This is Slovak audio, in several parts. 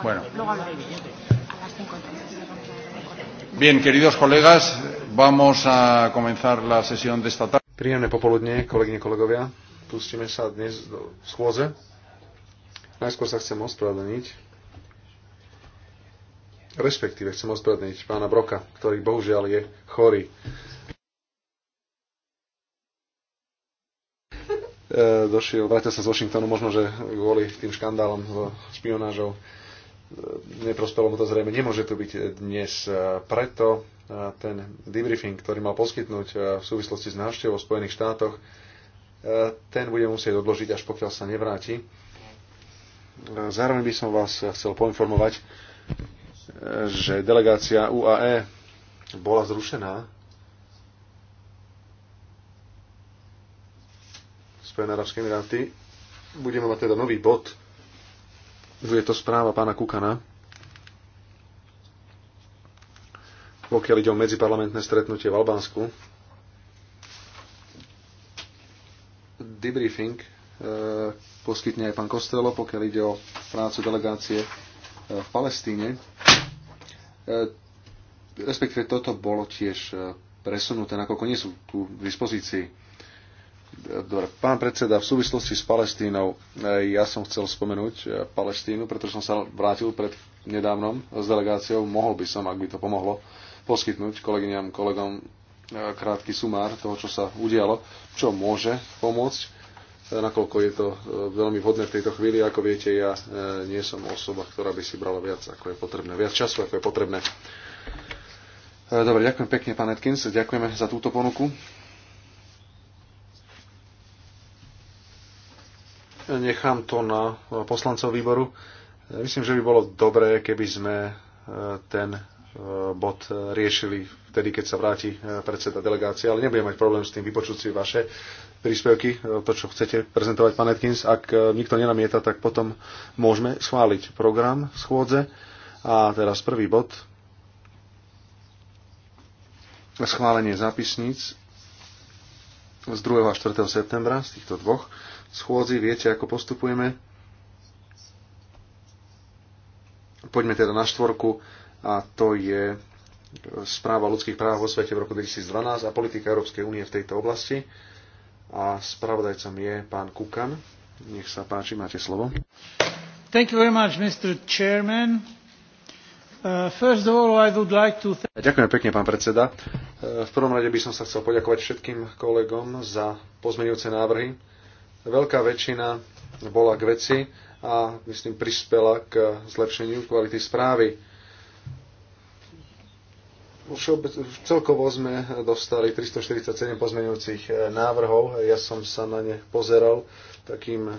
Bueno. Bien, queridos colegas, vamos a comenzar la sesión de esta tarde. Príjemné popoludne, kolegyne, kolegovia. Pustíme sa dnes do schôze. Najskôr sa chcem ospravedlniť. Respektíve chcem ospravedlniť pána Broka, ktorý bohužiaľ je chorý. E, došiel, vrátil sa z Washingtonu, možno, že kvôli tým škandálom so špionážou neprospelo mu to zrejme, nemôže tu byť dnes. Preto e, ten debriefing, ktorý mal poskytnúť e, v súvislosti s návštevou v Spojených štátoch, e, ten bude musieť odložiť, až pokiaľ sa nevráti. Zároveň by som vás chcel poinformovať, že delegácia UAE bola zrušená. Spojené arabské emiráty. Budeme mať teda nový bod je to správa pána Kukana, pokiaľ ide o medziparlamentné stretnutie v Albánsku. Debriefing e, poskytne aj pán Kostelo, pokiaľ ide o prácu delegácie e, v Palestíne. E, respektíve toto bolo tiež presunuté, nakoľko nie sú tu v dispozícii Dobre, pán predseda, v súvislosti s Palestínou, eh, ja som chcel spomenúť eh, Palestínu, pretože som sa vrátil pred nedávnom s delegáciou. Mohol by som, ak by to pomohlo, poskytnúť kolegyňam, kolegom eh, krátky sumár toho, čo sa udialo, čo môže pomôcť, nakoľko je to veľmi vhodné v tejto chvíli. Ako viete, ja nie som osoba, ktorá by si brala viac, ako je potrebné, viac času, ako je potrebné. Dobre, ďakujem pekne, pán Atkins, ďakujeme za túto ponuku. Nechám to na poslancov výboru. Myslím, že by bolo dobré, keby sme e, ten e, bod riešili vtedy, keď sa vráti e, predseda delegácie, ale nebudem mať problém s tým vypočuť si vaše príspevky, to, čo chcete prezentovať, pán Atkins. Ak nikto nenamieta, tak potom môžeme schváliť program schôdze. A teraz prvý bod. Schválenie zápisníc z 2. a 4. septembra, z týchto dvoch schôdzi, viete, ako postupujeme. Poďme teda na štvorku a to je správa ľudských práv vo svete v roku 2012 a politika Európskej únie v tejto oblasti. A spravodajcom je pán Kukan. Nech sa páči, máte slovo. Thank you very much, Mr. Chairman. Uh, Ďakujem pekne, pán predseda. Uh, v prvom rade by som sa chcel poďakovať všetkým kolegom za pozmenujúce návrhy Veľká väčšina bola k veci a myslím prispela k zlepšeniu kvality správy. Celkovo sme dostali 347 pozmeňujúcich eh, návrhov. Ja som sa na ne pozeral takým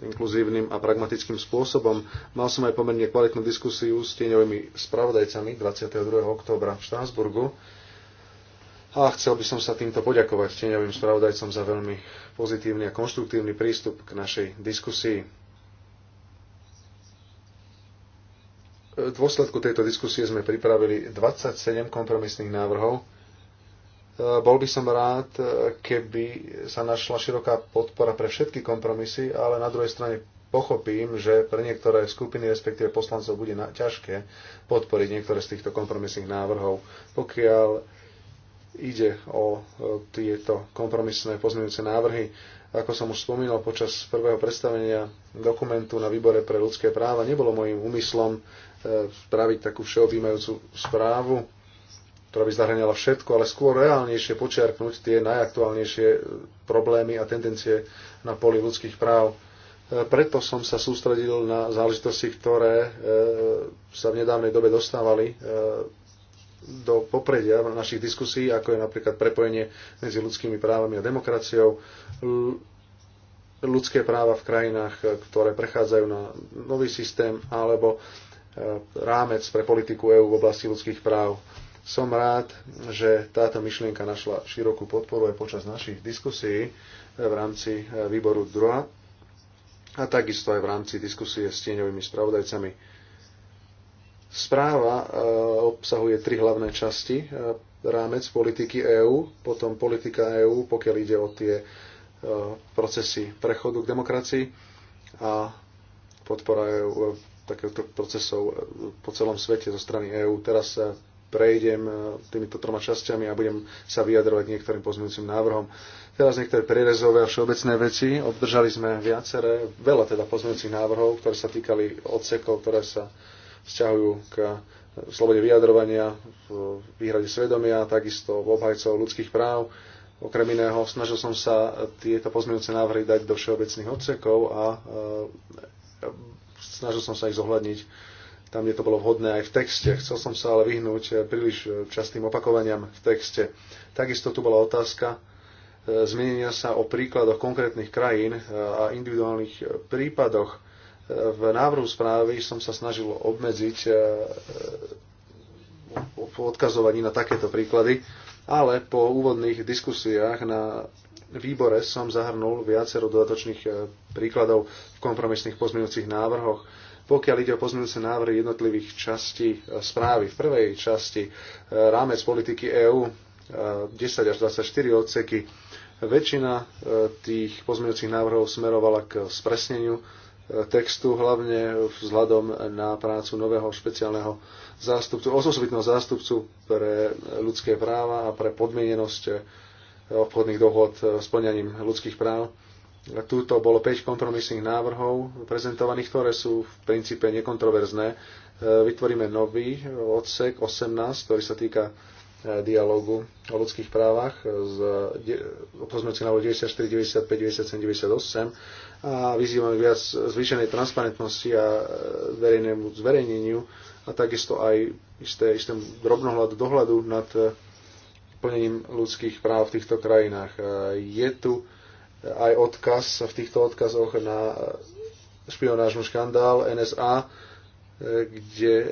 inkluzívnym a pragmatickým spôsobom. Mal som aj pomerne kvalitnú diskusiu s tieňovými spravodajcami 22. októbra v Štrásburgu a chcel by som sa týmto poďakovať tieňovým spravodajcom za veľmi pozitívny a konštruktívny prístup k našej diskusii. V dôsledku tejto diskusie sme pripravili 27 kompromisných návrhov. E, bol by som rád, e, keby sa našla široká podpora pre všetky kompromisy, ale na druhej strane pochopím, že pre niektoré skupiny, respektíve poslancov, bude ťažké podporiť niektoré z týchto kompromisných návrhov. Pokiaľ ide o e, tieto kompromisné pozmeňujúce návrhy. Ako som už spomínal počas prvého predstavenia dokumentu na výbore pre ľudské práva, nebolo môjim úmyslom e, spraviť takú všeobjímajúcu správu, ktorá by zahrňala všetko, ale skôr reálnejšie počiarknúť tie najaktuálnejšie e, problémy a tendencie na poli ľudských práv. Preto som sa sústredil na záležitosti, ktoré sa v nedávnej dobe dostávali do popredia našich diskusí, ako je napríklad prepojenie medzi ľudskými právami a demokraciou, ľudské práva v krajinách, ktoré prechádzajú na nový systém, alebo e, rámec pre politiku EÚ v oblasti ľudských práv. Som rád, že táto myšlienka našla širokú podporu aj počas našich diskusí e, v rámci e, výboru druha a takisto aj v rámci diskusie s tieňovými spravodajcami Správa e, obsahuje tri hlavné časti. E, rámec politiky EÚ, potom politika EÚ, pokiaľ ide o tie e, procesy prechodu k demokracii a podpora EU, takéto procesov po celom svete zo strany EÚ. Teraz prejdem týmito troma časťami a budem sa vyjadrovať niektorým pozmeňujúcim návrhom. Teraz niektoré prierezové a všeobecné veci. Obdržali sme viaceré, veľa teda pozmeňujúcich návrhov, ktoré sa týkali odsekov, ktoré sa vzťahujú k eh, slobode vyjadrovania, v výhrade svedomia, takisto v obhajcov ľudských práv. Okrem iného, snažil som sa tieto pozmeňujúce návrhy dať do všeobecných odsekov a eh, snažil som sa ich zohľadniť tam, kde to bolo vhodné aj v texte. Chcel som sa ale vyhnúť eh, príliš častým opakovaniam v texte. Takisto tu bola otázka zmenenia sa o príkladoch konkrétnych krajín a individuálnych prípadoch v návrhu správy som sa snažil obmedziť e, odkazovaní na takéto príklady, ale po úvodných diskusiách na výbore som zahrnul viacero dodatočných e, príkladov v kompromisných pozmeňujúcich návrhoch. Pokiaľ ide o pozmeňujúce návrhy jednotlivých častí e, správy, v prvej časti rámec politiky EÚ 10 až 24 odseky, väčšina tých pozmeňujúcich návrhov smerovala k spresneniu textu, hlavne vzhľadom na prácu nového špeciálneho zástupcu, osobitného zástupcu pre ľudské práva a pre podmienenosť obchodných dohod s plňaním ľudských práv. Tuto bolo 5 kompromisných návrhov prezentovaných, ktoré sú v princípe nekontroverzné. E, vytvoríme nový odsek 18, ktorý sa týka Eh, dialogu o ľudských právach eh, z opozmeňujúci 94, 95, 97, 98 a vyzývame viac zvýšenej transparentnosti a eh, verejnému zverejneniu a takisto aj isté, isté drobnohľad dohľadu nad plnením ľudských práv v týchto krajinách. Je tu aj odkaz v týchto odkazoch na špionážnu škandál NSA, kde eh,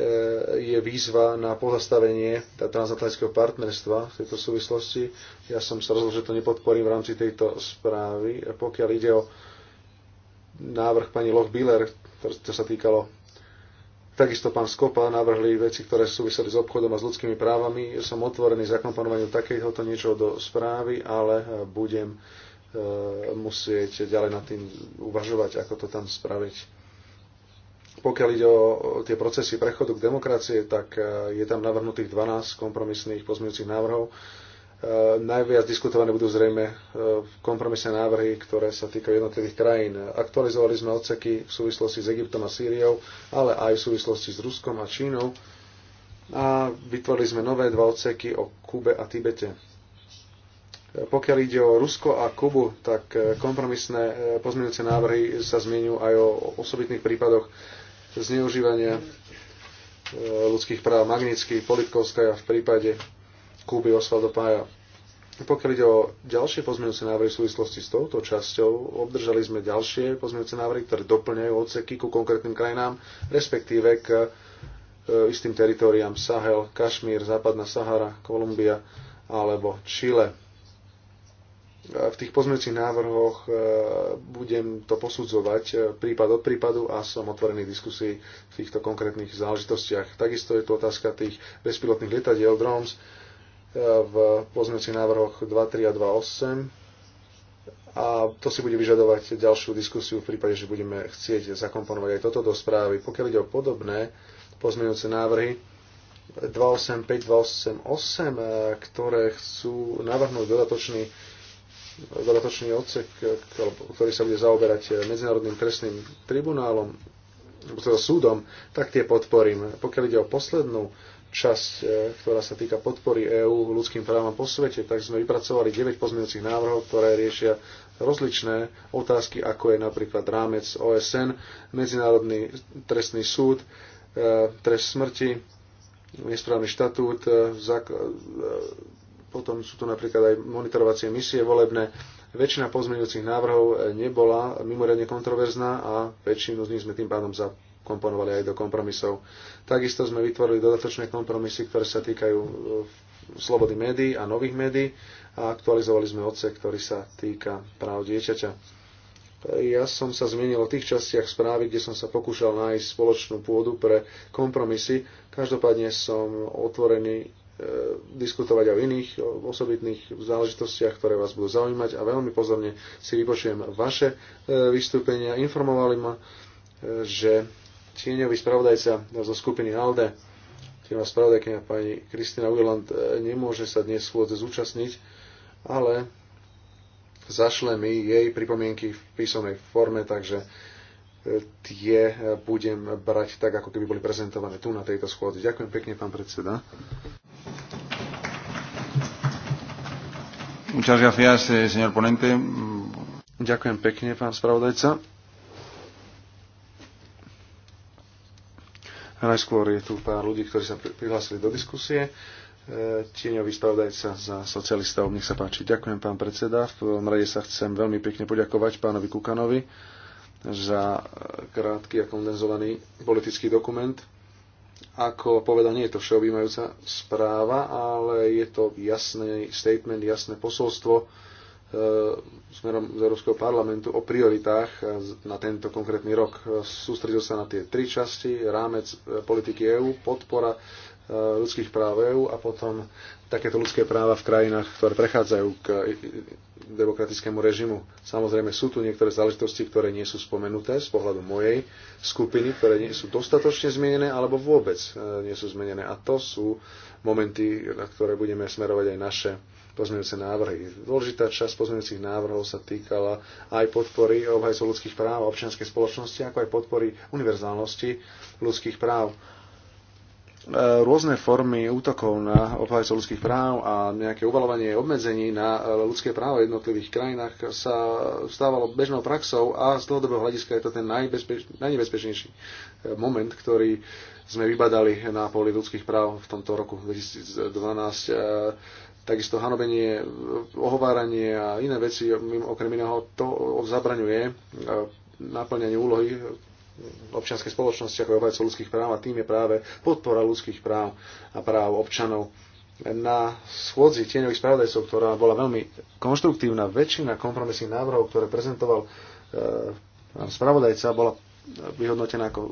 je výzva na pozastavenie transatlantického partnerstva v tejto súvislosti. Ja som sa rozhodol, že to nepodporím v rámci tejto správy. Pokiaľ ide o návrh pani Loch-Biller, to sa týkalo Takisto pán Skopa navrhli veci, ktoré súviseli s obchodom a s ľudskými právami. Som otvorený zakomponovaniu takéhoto niečoho do správy, ale eh, budem eh, musieť ďalej nad tým uvažovať, ako to tam spraviť. Pokiaľ ide o tie procesy prechodu k demokracie, tak e, je tam navrhnutých 12 kompromisných pozmeňujúcich návrhov. E, najviac diskutované budú zrejme e, kompromisné návrhy, ktoré sa týkajú jednotlivých krajín. Aktualizovali sme odseky v súvislosti s Egyptom a Sýriou, ale aj v súvislosti s Ruskom a Čínou a vytvorili sme nové dva odseky o Kube a Tibete. Pokiaľ ide o Rusko a Kubu, tak kompromisné pozmeňujúce návrhy sa zmienujú aj o osobitných prípadoch zneužívania e, ľudských práv Magnický, Politkovská v prípade Kúby Osvaldo Pája. Pokiaľ ide o ďalšie pozmeňujúce návrhy v súvislosti s touto časťou, obdržali sme ďalšie pozmeňujúce návrhy, ktoré doplňajú odseky ku konkrétnym krajinám, respektíve k e, istým teritoriám Sahel, Kašmír, Západná Sahara, Kolumbia alebo Chile v tých pozmeňujúcich návrhoch e, budem to posudzovať e, prípad od prípadu a som otvorený diskusii v týchto konkrétnych záležitostiach. Takisto je tu otázka tých bezpilotných lietadiel drones e, v pozmeňujúcich návrhoch 2.3 a 2.8 a to si bude vyžadovať ďalšiu diskusiu v prípade, že budeme chcieť zakomponovať aj toto do správy. Pokiaľ ide o podobné pozmeňujúce návrhy, 285, 288, ktoré chcú navrhnúť dodatočný dodatočný odsek, ktorý sa bude zaoberať Medzinárodným trestným tribunálom, teda súdom, tak tie podporím. Pokiaľ ide o poslednú časť, e, ktorá sa týka podpory EÚ ľudským právam po svete, tak sme vypracovali 9 pozmeňujúcich návrhov, ktoré riešia rozličné otázky, ako je napríklad rámec OSN, Medzinárodný trestný súd, e, trest smrti, nesprávny štatút, e, potom sú tu napríklad aj monitorovacie misie volebné. Väčšina pozmeňujúcich návrhov eh, nebola mimoriadne kontroverzná a väčšinu z nich sme tým pádom zakomponovali aj do kompromisov. Takisto sme vytvorili dodatočné kompromisy, ktoré sa týkajú eh, slobody médií a nových médií a aktualizovali sme odsek, ktorý sa týka práv dieťaťa. Eh, ja som sa zmienil o tých častiach správy, kde som sa pokúšal nájsť spoločnú pôdu pre kompromisy. Každopádne som otvorený diskutovať aj o iných o osobitných záležitostiach, ktoré vás budú zaujímať a veľmi pozorne si vypočujem vaše e, vystúpenia. Informovali ma, e, že tieňový spravodajca zo skupiny ALDE, tieňová spravodajkňa pani Kristina Ujland e, nemôže sa dnes schôdze zúčastniť, ale zašle mi jej pripomienky v písomnej forme, takže tie e, budem brať tak, ako keby boli prezentované tu na tejto schôdzi. Ďakujem pekne, pán predseda. Muchas gracias, eh, señor ponente. Ďakujem pekne, pán spravodajca. Najskôr je tu pár ľudí, ktorí sa prihlásili do diskusie. E, tieňový spravodajca za socialistov, nech sa páči. Ďakujem, pán predseda. V prvom rade sa chcem veľmi pekne poďakovať pánovi Kukanovi za krátky a kondenzovaný politický dokument. Ako povedal, nie je to všeobjímajúca správa, ale je to jasný statement, jasné posolstvo e, smerom z Európskeho parlamentu o prioritách na tento konkrétny rok. Sústredil sa na tie tri časti, rámec e, politiky EÚ, podpora Eh, ľudských práv EU a potom takéto ľudské práva v krajinách, ktoré prechádzajú k demokratickému režimu. Samozrejme sú tu niektoré záležitosti, ktoré nie sú spomenuté z pohľadu mojej skupiny, ktoré nie sú dostatočne zmenené alebo vôbec eh, nie sú zmenené. A to sú momenty, na ktoré budeme smerovať aj naše pozmeňujúce návrhy. Dôležitá časť pozmeňujúcich návrhov sa týkala aj podpory obhajcov ľudských práv a občianskej spoločnosti, ako aj podpory univerzálnosti ľudských práv E, rôzne formy útokov na obhajcov ľudských práv a nejaké uvalovanie obmedzení na e, ľudské práva v jednotlivých krajinách sa stávalo bežnou praxou a z dlhodobého hľadiska je to ten najbezpeč, najnebezpečnejší e, moment, ktorý sme vybadali na poli ľudských práv v tomto roku 2012. Takisto hanobenie, ohováranie a iné veci, okrem iného, to zabraňuje naplňanie úlohy občianskej spoločnosti ako obhajcov ľudských práv a tým je práve podpora ľudských práv a práv občanov. Na schôdzi tieňových spravodajcov, ktorá bola veľmi konštruktívna, väčšina kompromisných návrhov, ktoré prezentoval eh, spravodajca, bola vyhodnotená ako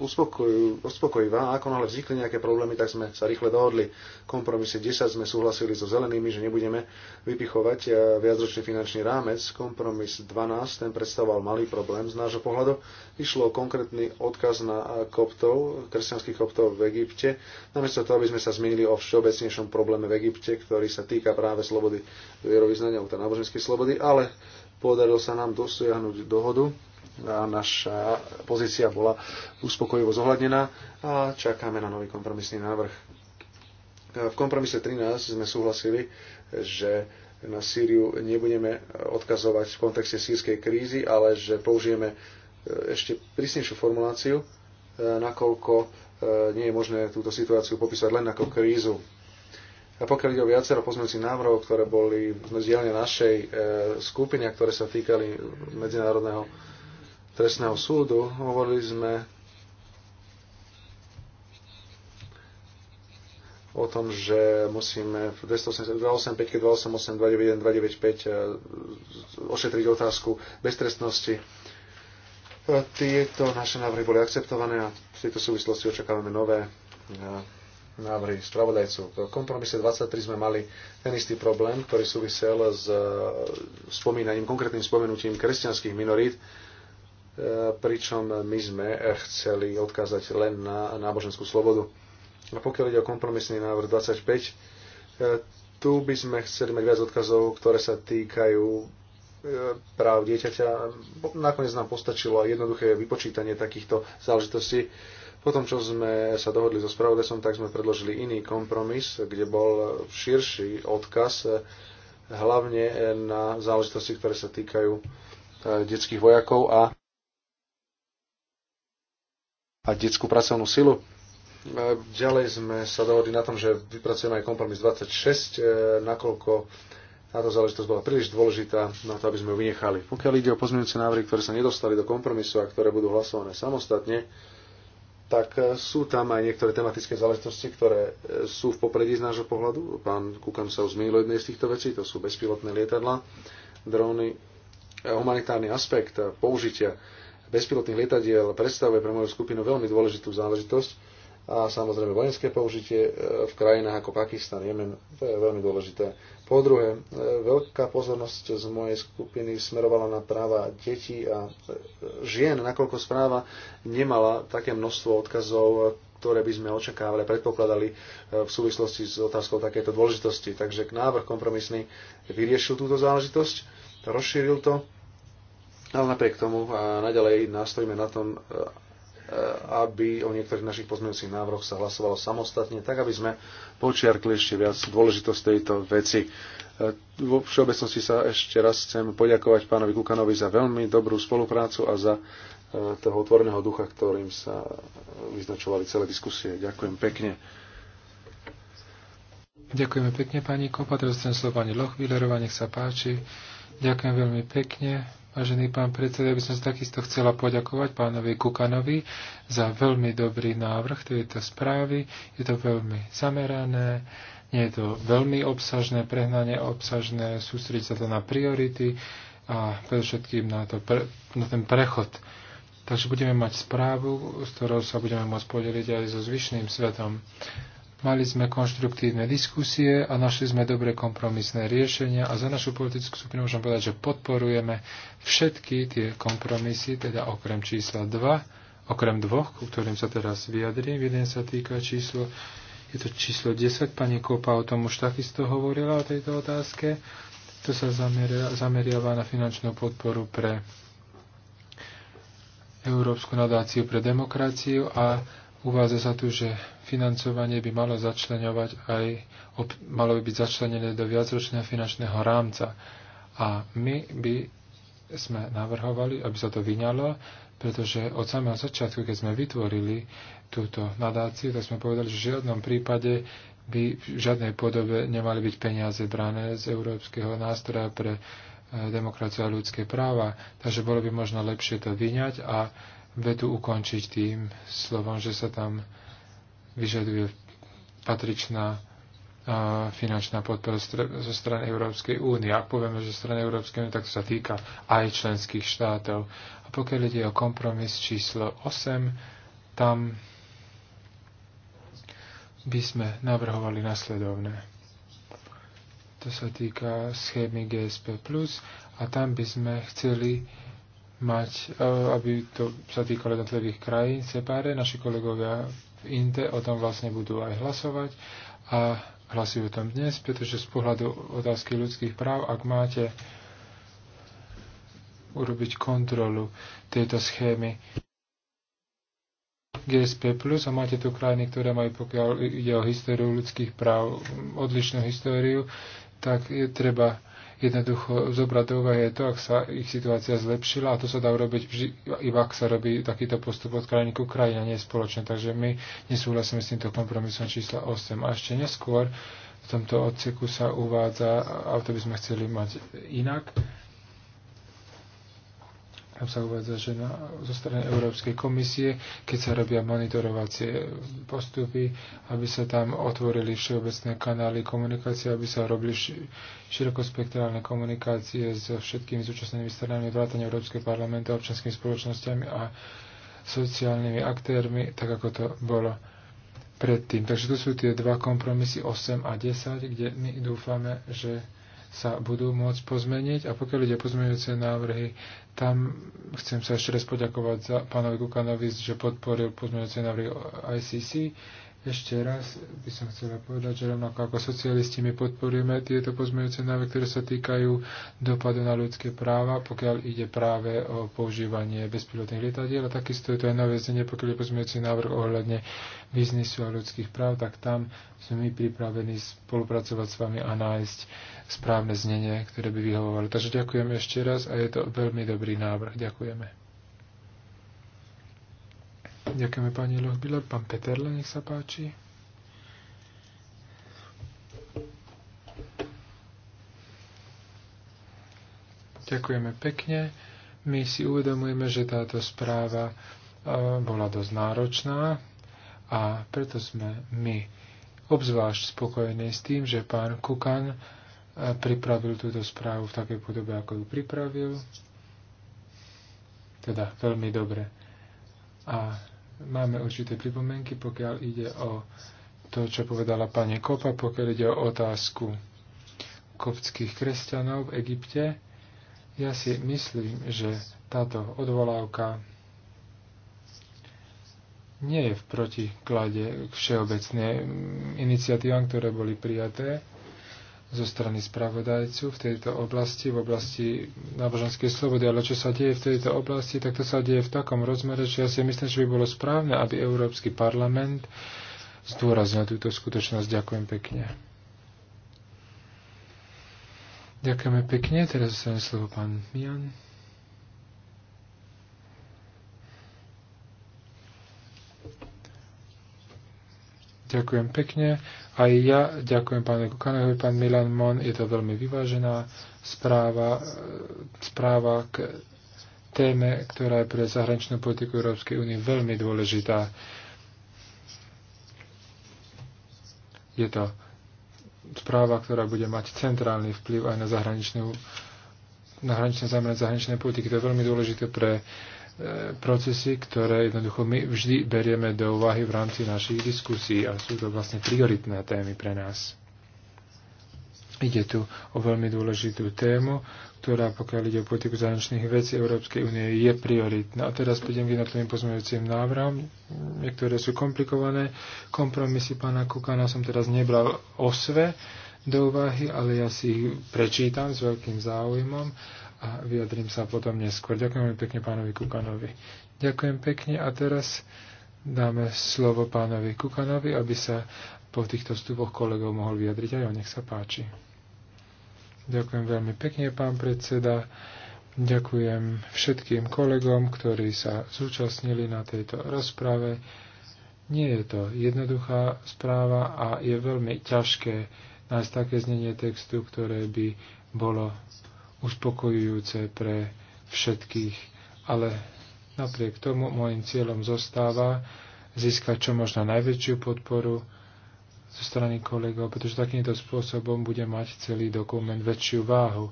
uspokojivá a ako náhle vznikli nejaké problémy, tak sme sa rýchle dohodli. Kompromise 10 sme súhlasili so zelenými, že nebudeme vypichovať e, viacročný finančný rámec. Kompromis 12, ten predstavoval malý problém z nášho pohľadu. Išlo o konkrétny odkaz na koptov, kresťanských koptov v Egypte, namiesto toho, aby sme sa zmienili o všeobecnejšom probléme v Egypte, ktorý sa týka práve slobody vierovýznania, alebo náboženskej slobody, ale podarilo sa nám dosiahnuť dohodu a naša pozícia bola uspokojivo zohľadnená a čakáme na nový kompromisný návrh. V kompromise 13 sme súhlasili, že na Sýriu nebudeme odkazovať v kontexte sírskej krízy, ale že použijeme e, ešte prísnejšiu formuláciu, e, nakoľko e, nie je možné túto situáciu popísať len ako krízu. A pokiaľ ide o viacero pozmeňujúcich návrhov, ktoré boli z dielne našej skupiny ktoré sa týkali medzinárodného trestného súdu. Hovorili sme o tom, že musíme v 285, 288, 291, 295 ošetriť otázku beztrestnosti. Eh, tieto naše návrhy boli akceptované a v tejto súvislosti očakávame nové eh, návrhy spravodajcu. V kompromise 23 sme mali ten istý problém, ktorý súvisel s eh, spomínaním, konkrétnym spomenutím kresťanských minorít E, pričom my sme chceli odkázať len na náboženskú slobodu. A pokiaľ ide o kompromisný návrh 25, e, tu by sme chceli mať viac odkazov, ktoré sa týkajú e, práv dieťaťa. Nakoniec nám postačilo aj jednoduché vypočítanie takýchto záležitostí. Potom, čo sme sa dohodli so spravodajcom, tak sme predložili iný kompromis, kde bol širší odkaz hlavne na záležitosti, ktoré sa týkajú detských vojakov a a detskú pracovnú silu. Ďalej sme sa dohodli na tom, že vypracujeme aj kompromis 26, e, nakoľko táto záležitosť bola príliš dôležitá na to, aby sme ju vynechali. Pokiaľ ide o pozmeňujúce návrhy, ktoré sa nedostali do kompromisu a ktoré budú hlasované samostatne, tak e, sú tam aj niektoré tematické záležitosti, ktoré e, sú v popredí z nášho pohľadu. Pán Kukan sa už zmienil jednej z týchto vecí, to sú bezpilotné lietadla, dróny, humanitárny aspekt použitia bezpilotných lietadiel predstavuje pre moju skupinu veľmi dôležitú záležitosť a samozrejme vojenské použitie e, v krajinách ako Pakistan, Jemen, to je veľmi dôležité. Po druhé, e, veľká pozornosť z mojej skupiny smerovala na práva detí a e, žien, nakoľko správa nemala také množstvo odkazov, ktoré by sme očakávali, a predpokladali v súvislosti s otázkou takéto dôležitosti. Takže návrh kompromisný vyriešil túto záležitosť, rozšíril to ale napriek tomu a naďalej nastojíme na tom, e, e, aby o niektorých našich pozmeňujúcich návrhoch sa hlasovalo samostatne, tak aby sme počiarkli ešte viac dôležitosť tejto veci. E, vo všeobecnosti sa ešte raz chcem poďakovať pánovi Kukanovi za veľmi dobrú spoluprácu a za toho otvorného ducha, ktorým sa vyznačovali celé diskusie. Ďakujem pekne. Ďakujeme pekne, pani Kopa. Teraz chcem slovo pani Lochvillerova, nech sa páči. Ďakujem veľmi pekne. Vážený pán predseda, by som sa takisto chcela poďakovať pánovi Kukanovi za veľmi dobrý návrh tejto správy. Je to veľmi zamerané, nie je to veľmi obsažné, prehnanie, obsažné, sústrediť sa to na priority a predovšetkým na, to pre, na ten prechod. Takže budeme mať správu, s ktorou sa budeme môcť podeliť aj so zvyšným svetom. Mali sme konštruktívne diskusie a našli sme dobre kompromisné riešenia a za našu politickú skupinu môžem povedať, že podporujeme všetky tie kompromisy, teda okrem čísla 2, okrem dvoch, ku ktorým sa teraz vyjadrím. Jeden sa týka číslo, je to číslo 10, pani Kopa o tom už takisto hovorila o tejto otázke. To sa zameria, zameriava na finančnú podporu pre Európsku nadáciu pre demokraciu a Uvádza sa tu, že financovanie by malo začlenovať aj, malo by byť začlenené do viacročného finančného rámca. A my by sme navrhovali, aby sa to vyňalo, pretože od samého začiatku, keď sme vytvorili túto nadáciu, tak sme povedali, že v žiadnom prípade by v žiadnej podobe nemali byť peniaze brané z Európskeho nástroja pre e, demokraciu a ľudské práva. Takže bolo by možno lepšie to vyňať a vetu ukončiť tým slovom, že sa tam vyžaduje patričná finančná podpora zo strany Európskej únie. Ak povieme, že strany Európskej únie, tak to sa týka aj členských štátov. A pokiaľ ide o kompromis číslo 8, tam by sme navrhovali nasledovné. To sa týka schémy GSP+, a tam by sme chceli mať, e, aby to sa týkalo jednotlivých krajín, separe. Naši kolegovia v INTE o tom vlastne budú aj hlasovať a hlasujú o tom dnes, pretože z pohľadu otázky ľudských práv, ak máte urobiť kontrolu tejto schémy GSP+, a máte tu krajiny, ktoré majú, pokiaľ ide o históriu ľudských práv, odlišnú históriu, tak je treba jednoducho zobrať do úvahy je to, ak sa ich situácia zlepšila a to sa dá urobiť vždy, iba ak sa robí takýto postup od krajiny ku krajine, nie spoločne. Takže my nesúhlasíme s týmto kompromisom čísla 8. A ešte neskôr v tomto odseku sa uvádza, a to by sme chceli mať inak, tam sa uvádza, že na, zo strany Európskej komisie, keď sa robia monitorovacie postupy, aby sa tam otvorili všeobecné kanály komunikácie, aby sa robili širokospektrálne komunikácie so všetkými zúčastnenými stranami vrátane Európskej parlamentu, občanskými spoločnosťami a sociálnymi aktérmi, tak ako to bolo predtým. Takže tu sú tie dva kompromisy 8 a 10, kde my dúfame, že sa budú môcť pozmeniť. A pokiaľ ide pozmeňujúce návrhy, tam chcem sa ešte raz poďakovať za pánovi Kukanovi, že podporil pozmeňujúce návrhy ICC. Ešte raz by som chcela povedať, že rovnako ako socialisti my podporujeme tieto pozmeňujúce návrhy, ktoré sa týkajú dopadu na ľudské práva, pokiaľ ide práve o používanie bezpilotných lietadiel. A takisto je to aj väzenie, pokiaľ je pozmeňujúci návrh ohľadne biznisu a ľudských práv, tak tam sme my pripravení spolupracovať s vami a nájsť správne znenie, ktoré by vyhovovalo. Takže ďakujem ešte raz a je to veľmi dobrý návrh. Ďakujeme. Ďakujeme pani Lohbiler. Pán Peterle, nech sa páči. Ďakujeme pekne. My si uvedomujeme, že táto správa e, bola dosť náročná a preto sme my obzvlášť spokojení s tým, že pán Kukan e, pripravil túto správu v takej podobe, ako ju pripravil. Teda veľmi dobre. A Máme určité pripomienky, pokiaľ ide o to, čo povedala pani Kopa, pokiaľ ide o otázku koptských kresťanov v Egypte. Ja si myslím, že táto odvolávka nie je v protiklade k všeobecným iniciatívam, ktoré boli prijaté zo strany spravodajcu v tejto oblasti, v oblasti náboženskej slobody. Ale čo sa deje v tejto oblasti, tak to sa deje v takom rozmere, že ja si myslím, že by bolo správne, aby Európsky parlament zdôraznil túto skutočnosť. Ďakujem pekne. Ďakujeme pekne. Teraz sa slovo pán Mian. Ďakujem pekne. Aj ja ďakujem pánu Kukanovi, pán Milan Mon. Je to veľmi vyvážená správa, e, správa k téme, ktorá je pre zahraničnú politiku Európskej únie veľmi dôležitá. Je to správa, ktorá bude mať centrálny vplyv aj na zahraničnú na hraničné zameranie zahraničnej politiky. To je veľmi dôležité pre uh, E, procesy, ktoré jednoducho my vždy berieme do úvahy v rámci našich diskusí a sú to vlastne prioritné témy pre nás. Ide tu o veľmi dôležitú tému, ktorá, pokiaľ ide o politiku zahraničných vecí Európskej únie, je prioritná. A teraz prídem k jednotlivým pozmeňujúcim návrhom. Niektoré sú komplikované. Kompromisy pána Kukana som teraz nebral osve do úvahy, ale ja si ich prečítam s veľkým záujmom a vyjadrím sa potom neskôr. Ďakujem veľmi pekne pánovi Kukanovi. Ďakujem pekne a teraz dáme slovo pánovi Kukanovi, aby sa po týchto vstupoch kolegov mohol vyjadriť aj on. Nech sa páči. Ďakujem veľmi pekne, pán predseda. Ďakujem všetkým kolegom, ktorí sa zúčastnili na tejto rozprave. Nie je to jednoduchá správa a je veľmi ťažké nájsť také znenie textu, ktoré by bolo uspokojujúce pre všetkých, ale napriek tomu môjim cieľom zostáva získať čo možno najväčšiu podporu zo strany kolegov, pretože takýmto spôsobom bude mať celý dokument väčšiu váhu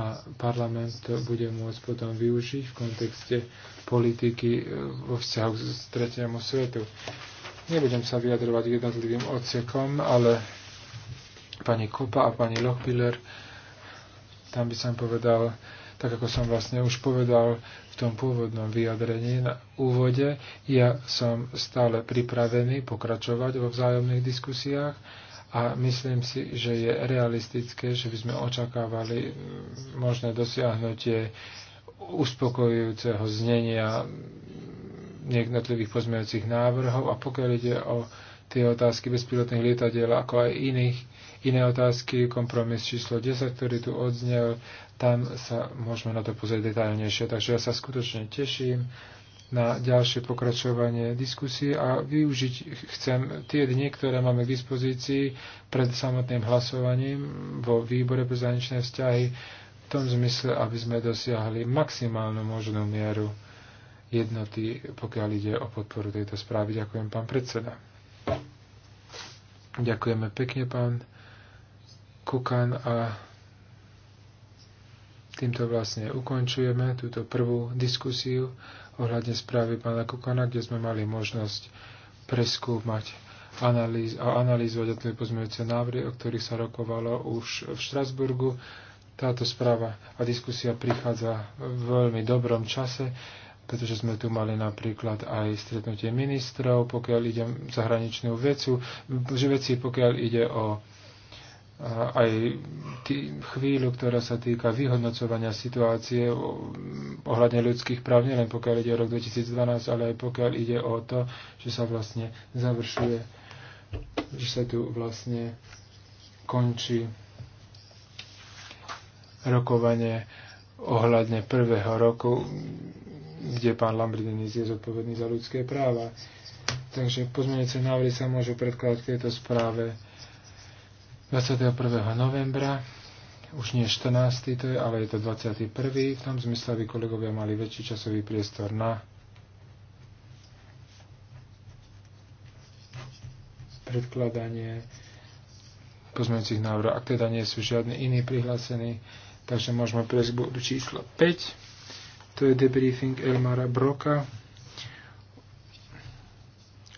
a parlament to bude môcť potom využiť v kontexte politiky e, vo vzťahu k tretiemu svetu. Nebudem sa vyjadrovať jednotlivým odsekom, ale pani Kopa a pani Lochpiller tam by som povedal, tak ako som vlastne už povedal v tom pôvodnom vyjadrení na úvode, ja som stále pripravený pokračovať vo vzájomných diskusiách a myslím si, že je realistické, že by sme očakávali možné dosiahnutie uspokojujúceho znenia jednotlivých pozmeňujúcich návrhov a pokiaľ ide o tie otázky bezpilotných lietadiel, ako aj iných, iné otázky, kompromis číslo 10, ktorý tu odznel, tam sa môžeme na to pozrieť detailnejšie. Takže ja sa skutočne teším na ďalšie pokračovanie diskusie a využiť chcem tie dni, ktoré máme k dispozícii pred samotným hlasovaním vo výbore pre zahraničné vzťahy v tom zmysle, aby sme dosiahli maximálnu možnú mieru jednoty, pokiaľ ide o podporu tejto správy. Ďakujem, pán predseda. Ďakujeme pekne, pán Kukan, a týmto vlastne ukončujeme túto prvú diskusiu ohľadne správy pána Kukana, kde sme mali možnosť preskúmať analýz, a analýzovať jednotlivé pozmeňujúce návrhy, o ktorých sa rokovalo už v Štrasburgu. Táto správa a diskusia prichádza v veľmi dobrom čase pretože sme tu mali napríklad aj stretnutie ministrov, pokiaľ ide o zahraničnú vecu, že veci, pokiaľ ide o aj tý, chvíľu, ktorá sa týka vyhodnocovania situácie ohľadne ľudských práv, nielen pokiaľ ide o rok 2012, ale aj pokiaľ ide o to, že sa vlastne završuje, že sa tu vlastne končí rokovanie ohľadne prvého roku kde pán Lambridinis je zodpovedný za ľudské práva. Takže pozmeňujúce návrhy sa môžu predkladať k tejto správe 21. novembra už nie 14. to je, ale je to 21. V tom zmysle, aby kolegovia mali väčší časový priestor na predkladanie pozmeňujúcich návrhov. Ak teda nie sú žiadne iní prihlásení, takže môžeme prejsť k číslo 5. To je debriefing Elmara Broka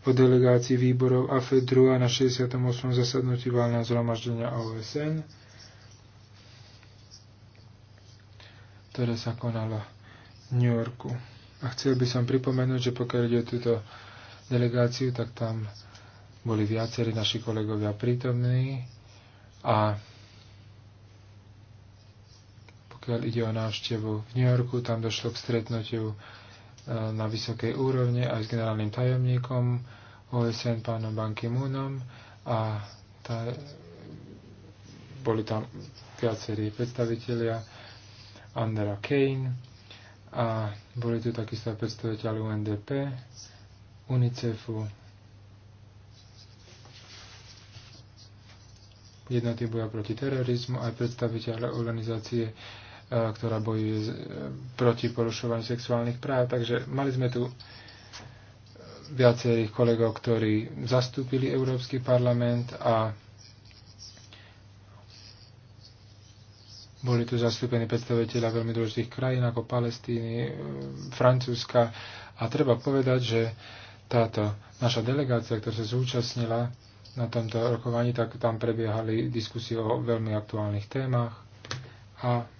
o delegácii výborov AFEDRU a na 68. zasadnutí valného zhromaždenia OSN, ktoré sa konalo v New Yorku. A chcel by som pripomenúť, že pokiaľ ide o túto delegáciu, tak tam boli viacerí naši kolegovia prítomní a pokiaľ ide o návštevu v New Yorku, tam došlo k stretnutiu e, na vysokej úrovni aj s generálnym tajomníkom OSN pánom Ban Ki-moonom a tá, boli tam viacerí predstavitelia Andera Kane a boli tu takisto predstaviteľi UNDP, UNICEFu, jednoty boja proti terorizmu aj predstaviteľa organizácie E, ktorá bojuje proti porušovaniu sexuálnych práv. Takže mali sme tu viacerých kolegov, ktorí zastúpili Európsky parlament a boli tu zastúpení predstaviteľa veľmi dôležitých krajín ako Palestíny, e, Francúzska a treba povedať, že táto naša delegácia, ktorá sa zúčastnila na tomto rokovaní, tak tam prebiehali diskusie o veľmi aktuálnych témach a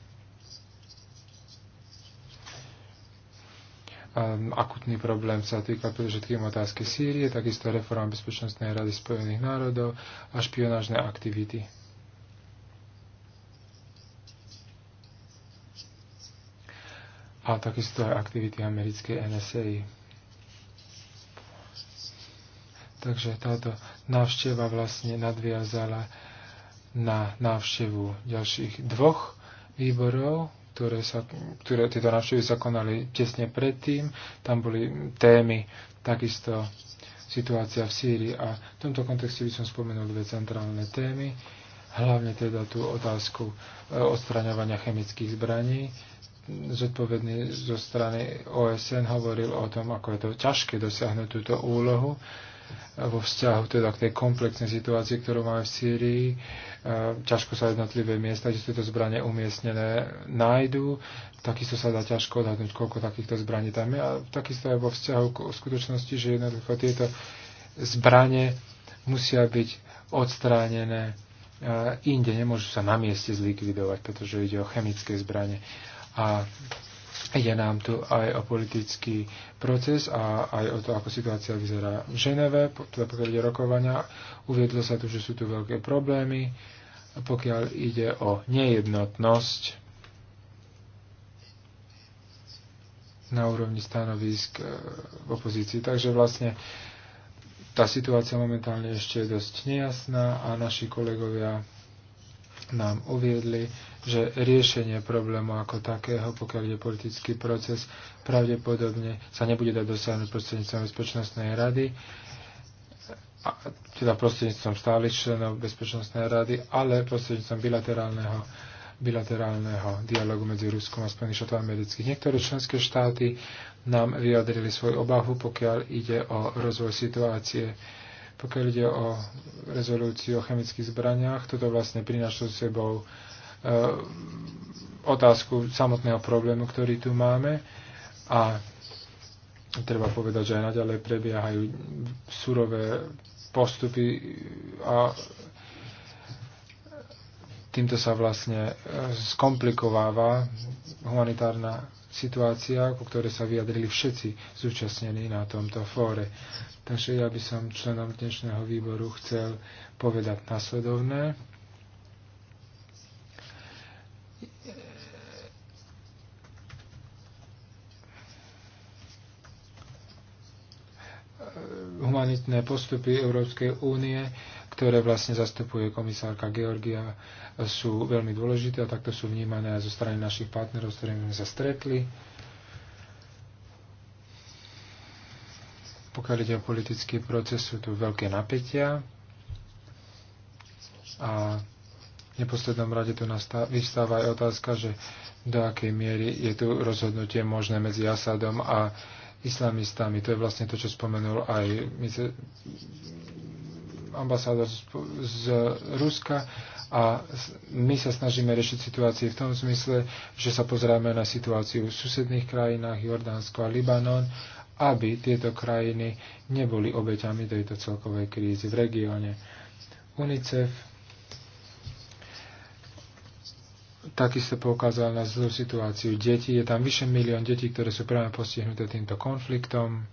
um, akutný problém sa týka predovšetkým otázky Sýrie, takisto reforma Bezpečnostnej rady Spojených národov a špionážne aktivity. A takisto aj aktivity americkej NSA. Takže táto návšteva vlastne nadviazala na návštevu ďalších dvoch výborov, ktoré, sa, ktoré tieto návštevy sa konali tesne predtým. Tam boli témy takisto situácia v Sýrii a v tomto kontexte by som spomenul dve centrálne témy, hlavne teda tú otázku e, odstraňovania chemických zbraní. Zodpovedný zo strany OSN hovoril o tom, ako je to ťažké dosiahnuť túto úlohu vo vzťahu teda k tej komplexnej situácii, ktorú máme v Sýrii. E, ťažko sa jednotlivé miesta, kde sú tieto zbranie umiestnené, nájdu. Takisto sa dá ťažko odhadnúť, koľko takýchto zbraní tam je. A takisto aj vo vzťahu k skutočnosti, že jednoducho tieto zbranie musia byť odstránené e, inde. Nemôžu sa na mieste zlikvidovať, pretože ide o chemické zbranie. A Ide nám tu aj o politický proces a aj o to, ako situácia vyzerá v Ženeve, teda pokiaľ ide rokovania. Uviedlo sa tu, že sú tu veľké problémy, pokiaľ ide o nejednotnosť na úrovni stanovisk e, v opozícii. Takže vlastne tá situácia momentálne ešte je dosť nejasná a naši kolegovia nám uviedli, že riešenie problému ako takého, pokiaľ je politický proces, pravdepodobne sa nebude dať dosiahnuť prostredníctvom Bezpečnostnej rady, teda prostredníctvom stálych členov Bezpečnostnej rady, ale prostredníctvom bilaterálneho bilaterálneho dialogu medzi Ruskom a Spojených štátov amerických. Niektoré členské štáty nám vyjadrili svoju obavu, pokiaľ ide o rozvoj situácie pokiaľ ide o rezolúciu o chemických zbraniach, toto vlastne prináša s sebou e, otázku samotného problému, ktorý tu máme. A treba povedať, že aj naďalej prebiehajú surové postupy a týmto sa vlastne e, skomplikováva humanitárna situácia, ku ktorej sa vyjadrili všetci zúčastnení na tomto fóre. Takže ja by som členom dnešného výboru chcel povedať nasledovné. Humanitné postupy Európskej únie ktoré vlastne zastupuje komisárka Georgia, sú veľmi dôležité a takto sú vnímané aj zo strany našich partnerov, s ktorými sme sa stretli. Pokiaľ ide o politický proces, sú tu veľké napätia a v neposlednom rade tu vystáva aj otázka, že do akej miery je tu rozhodnutie možné medzi Asadom a islamistami. To je vlastne to, čo spomenul aj ambasádor z, z Ruska a my sa snažíme riešiť situácie v tom zmysle, že sa pozeráme na situáciu v susedných krajinách Jordánsko a Libanon, aby tieto krajiny neboli obeťami tejto celkovej krízy v regióne. UNICEF takisto poukázal na zlú situáciu detí. Je tam vyše milión detí, ktoré sú práve postihnuté týmto konfliktom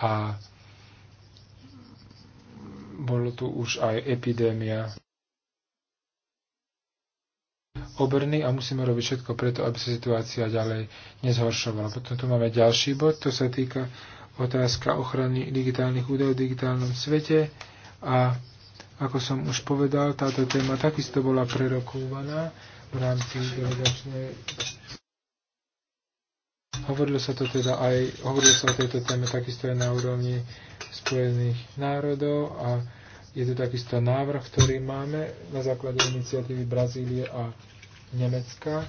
a bolo tu už aj epidémia obrny a musíme robiť všetko preto, aby sa situácia ďalej nezhoršovala. Potom tu máme ďalší bod, to sa týka otázka ochrany digitálnych údajov v digitálnom svete a ako som už povedal, táto téma takisto bola prerokovaná v rámci delegačnej Hovorilo sa to teda aj, hovorilo sa o tejto téme takisto aj na úrovni Spojených národov a je to takisto návrh, ktorý máme na základe iniciatívy Brazílie a Nemecka.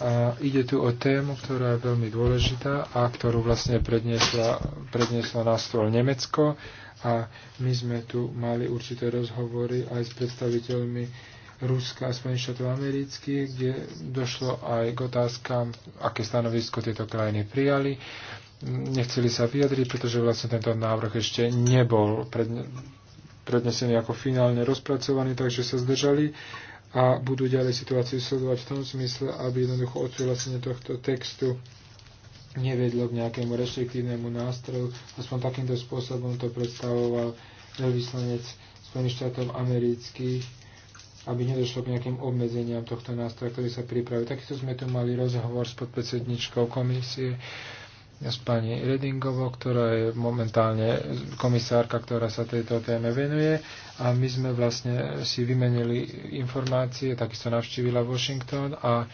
A ide tu o tému, ktorá je veľmi dôležitá a ktorú vlastne predniesla, predniesla na stôl Nemecko a my sme tu mali určité rozhovory aj s predstaviteľmi Ruska a Spojených štátov amerických, kde došlo aj k otázkam, aké stanovisko tieto krajiny prijali. Nechceli sa vyjadriť, pretože vlastne tento návrh ešte nebol prednesený ako finálne rozpracovaný, takže sa zdržali a budú ďalej situáciu sledovať v tom smysle, aby jednoducho odsúhlasenie tohto textu nevedlo k nejakému reštriktívnemu nástroju. Aspoň takýmto spôsobom to predstavoval veľvyslanec Spojených štátov amerických aby nedošlo k nejakým obmedzeniam tohto nástroja, ktorý sa pripravil. Takisto sme tu mali rozhovor s podpredsedničkou komisie, s pani Redingovou, ktorá je momentálne komisárka, ktorá sa tejto téme venuje. A my sme vlastne si vymenili informácie, takisto navštívila Washington a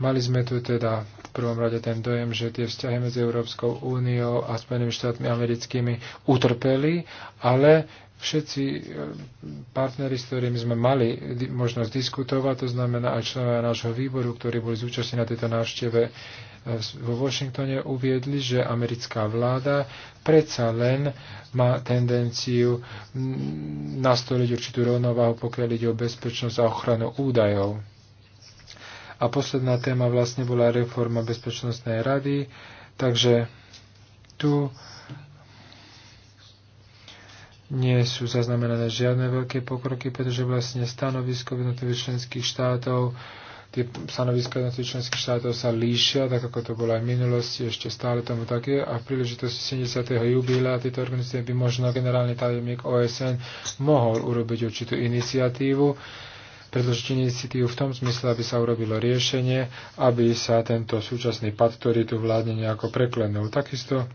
mali sme tu teda v prvom rade ten dojem, že tie vzťahy medzi Európskou úniou a Spojenými štátmi americkými utrpeli, ale všetci e, partneri, s ktorými sme mali možnosť diskutovať, to znamená aj členovia nášho výboru, ktorí boli zúčastní na tejto návšteve e, vo Washingtone, uviedli, že americká vláda predsa len má tendenciu nastoliť určitú rovnováhu, pokiaľ ide o bezpečnosť a ochranu údajov. A posledná téma vlastne bola reforma Bezpečnostnej rady, takže tu nie sú zaznamenané žiadne veľké pokroky, pretože vlastne stanovisko jednotlivých členských štátov, tie stanoviska jednotlivých členských štátov sa líšia, tak ako to bolo aj v minulosti, ešte stále tomu tak je. A v príležitosti 70. jubilea tejto organizácie by možno generálny tajomník OSN mohol urobiť určitú iniciatívu, predložiť iniciatívu v tom zmysle, aby sa urobilo riešenie, aby sa tento súčasný pad, ktorý tu vládne, nejako preklenul. Takisto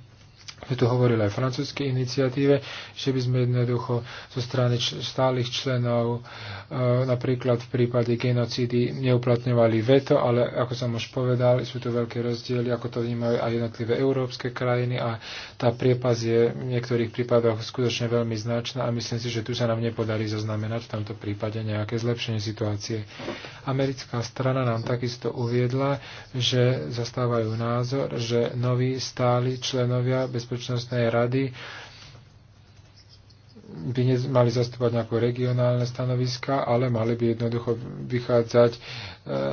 sme tu hovorili aj o francúzskej iniciatíve, že by sme jednoducho zo strany stálych členov e, napríklad v prípade genocídy neuplatňovali veto, ale ako som už povedal, sú tu veľké rozdiely, ako to vnímajú aj jednotlivé európske krajiny a tá priepas je v niektorých prípadoch skutočne veľmi značná a myslím si, že tu sa nám nepodarí zaznamenať v tomto prípade nejaké zlepšenie situácie. Americká strana nám takisto uviedla, že zastávajú názor, že noví stáli členovia bez bezpečnostnej rady by mali zastúpať nejaké regionálne stanoviska, ale mali by jednoducho vychádzať e,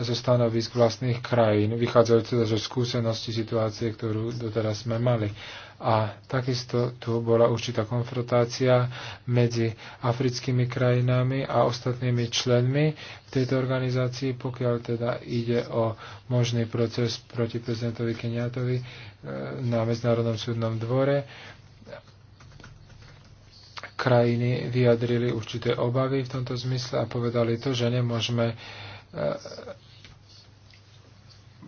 zo stanovisk vlastných krajín, vychádzajúce teda zo skúsenosti situácie, ktorú doteraz sme mali. A takisto tu bola určitá konfrontácia medzi africkými krajinami a ostatnými členmi v tejto organizácii, pokiaľ teda ide o možný proces proti prezidentovi Keniatovi e, na Medzinárodnom súdnom dvore krajiny vyjadrili určité obavy v tomto zmysle a povedali to, že nemôžeme e,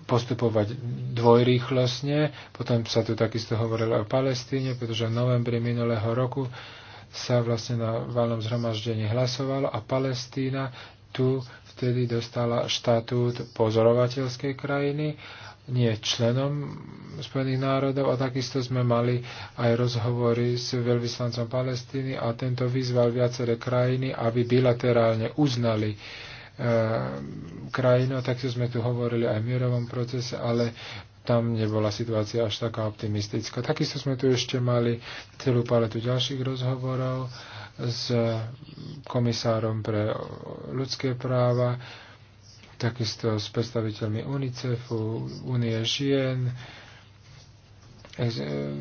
postupovať dvojrýchlosne. Potom sa tu takisto hovorilo o Palestíne, pretože v novembri minulého roku sa vlastne na valnom zhromaždení hlasovalo a Palestína tu vtedy dostala štatút pozorovateľskej krajiny, nie členom Spojených národov a takisto sme mali aj rozhovory s veľvyslancom Palestíny a tento vyzval viaceré krajiny, aby bilaterálne uznali uh, Ehm, krajina, takto sme tu hovorili aj v mierovom procese, ale tam nebola situácia až taká optimistická. Takisto sme tu ešte mali celú paletu ďalších rozhovorov s komisárom pre ľudské práva, takisto s predstaviteľmi UNICEFu, Unie žien,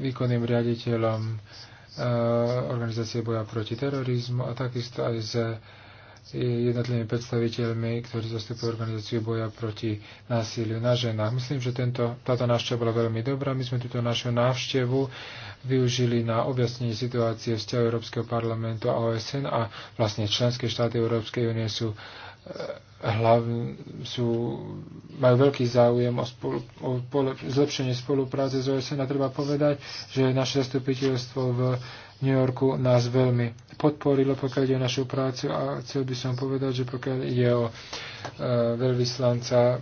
výkonným riaditeľom ehm, organizácie boja proti terorizmu a takisto aj s jednotlivými predstaviteľmi, ktorí zastupujú organizáciu boja proti násiliu na ženách. Myslím, že tento, táto návšteva bola veľmi dobrá. My sme túto našu návštevu využili na objasnenie situácie vzťahu Európskeho parlamentu a OSN a vlastne členské štáty Európskej únie sú eh, hlavne sú, majú veľký záujem o, spolu, o pole, zlepšenie spolupráce s OSN a treba povedať, že naše zastupiteľstvo v New Yorku nás veľmi podporilo, pokiaľ ide o našu prácu a chcel by som povedať, že pokiaľ je o e, veľvyslanca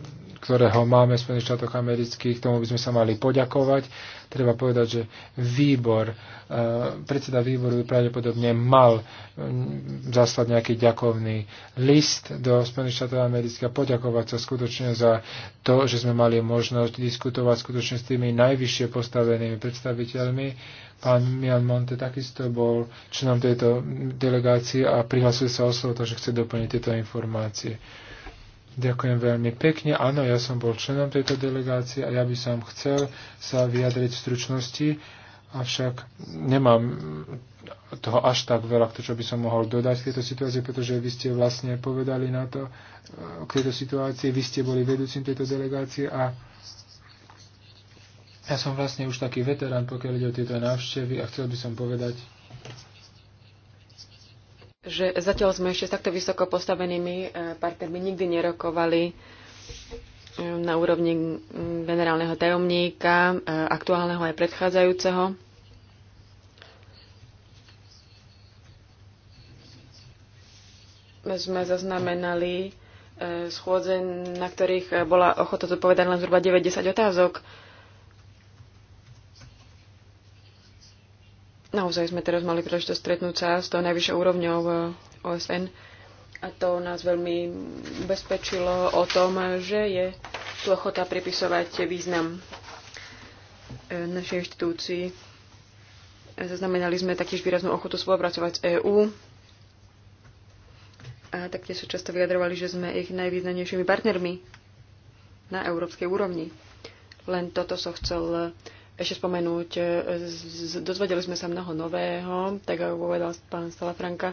ktorého máme v Spojených štátoch amerických, tomu by sme sa mali poďakovať. Treba povedať, že výbor, e, predseda výboru by pravdepodobne mal zaslať nejaký ďakovný list do Spojených štátov amerických a poďakovať sa skutočne za to, že sme mali možnosť diskutovať skutočne s tými najvyššie postavenými predstaviteľmi. Pán Mian Monte takisto bol členom tejto delegácie a prihlasuje sa o slovo, takže chce doplniť tieto informácie. Ďakujem veľmi pekne. Áno, ja som bol členom tejto delegácie a ja by som chcel sa vyjadriť v stručnosti, avšak nemám toho až tak veľa, to, čo by som mohol dodať k tejto situácii, pretože vy ste vlastne povedali na to, k tejto situácii, vy ste boli vedúcim tejto delegácie a ja som vlastne už taký veterán, pokiaľ ide o tieto návštevy a chcel by som povedať, že zatiaľ sme ešte s takto vysoko postavenými e, partnermi nikdy nerokovali e, na úrovni generálneho tajomníka, e, aktuálneho aj predchádzajúceho. sme zaznamenali schôdze, na ktorých bola ochota zodpovedať len zhruba 90 otázok. Naozaj sme teraz mali príležitosť stretnúť sa s tou najvyššou úrovňou eh, OSN a to nás veľmi ubezpečilo o tom, že je tu ochota pripisovať význam eh, našej inštitúcii. Zaznamenali sme taktiež výraznú ochotu spolupracovať s EÚ a taktiež sa často vyjadrovali, že sme ich najvýznamnejšími partnermi na európskej úrovni. Len toto som chcel eh, ešte spomenúť, e, dozvedeli sme sa mnoho nového, tak ako povedal pán Salafranka.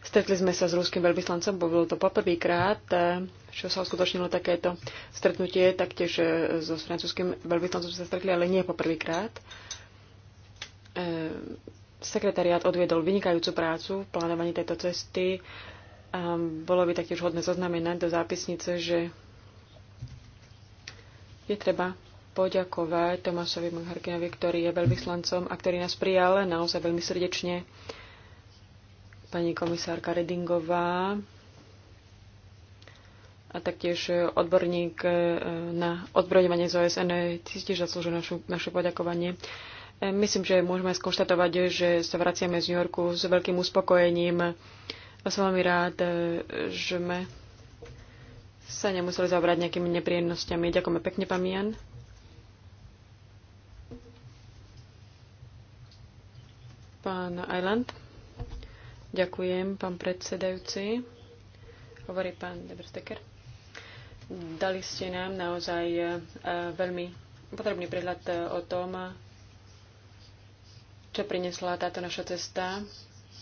Stretli sme sa s ruským veľvyslancom, bo bolo to poprvýkrát, e, čo sa uskutočnilo takéto stretnutie, taktiež e, so francúzským veľvyslancom sa stretli, ale nie poprvýkrát. Sekretariát odviedol vynikajúcu prácu v plánovaní tejto cesty. A bolo by taktiež hodné zaznamenať do zápisnice, že je treba poďakovať Tomášovi Mangharkinovi, ktorý je veľvyslancom a ktorý nás prijal naozaj veľmi srdečne. Pani komisárka Redingová a taktiež odborník e, na odbrojovanie z OSN si tiež zaslúžil našu, naše poďakovanie. E, myslím, že môžeme skonštatovať, že sa vraciame z New Yorku s veľkým uspokojením. A som veľmi rád, e, že sme sa nemuseli zaobrať nejakými nepríjemnosťami. Ďakujeme pekne, pán Mian. Pán Island. Ďakujem, pán predsedajúci. Hovorí pán Debrsteker. Dali ste nám naozaj e, veľmi potrebný prehľad e, o tom, čo priniesla táto naša cesta.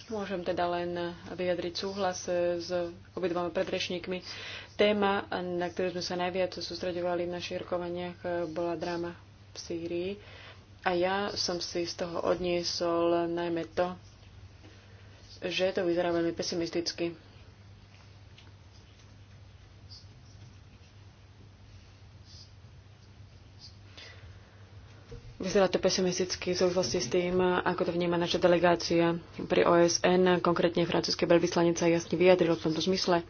Môžem teda len vyjadriť súhlas e, s obidvoma predrečníkmi. Téma, na ktorú sme sa najviac sústredovali v našich rokovaniach, bola dráma v Sýrii a ja som si z toho odniesol najmä to, že to vyzerá veľmi pesimisticky. Vyzerá to pesimisticky v súvislosti s tým, ako to vníma naša delegácia pri OSN, konkrétne francúzske veľvyslanica jasne vyjadrilo v tomto zmysle.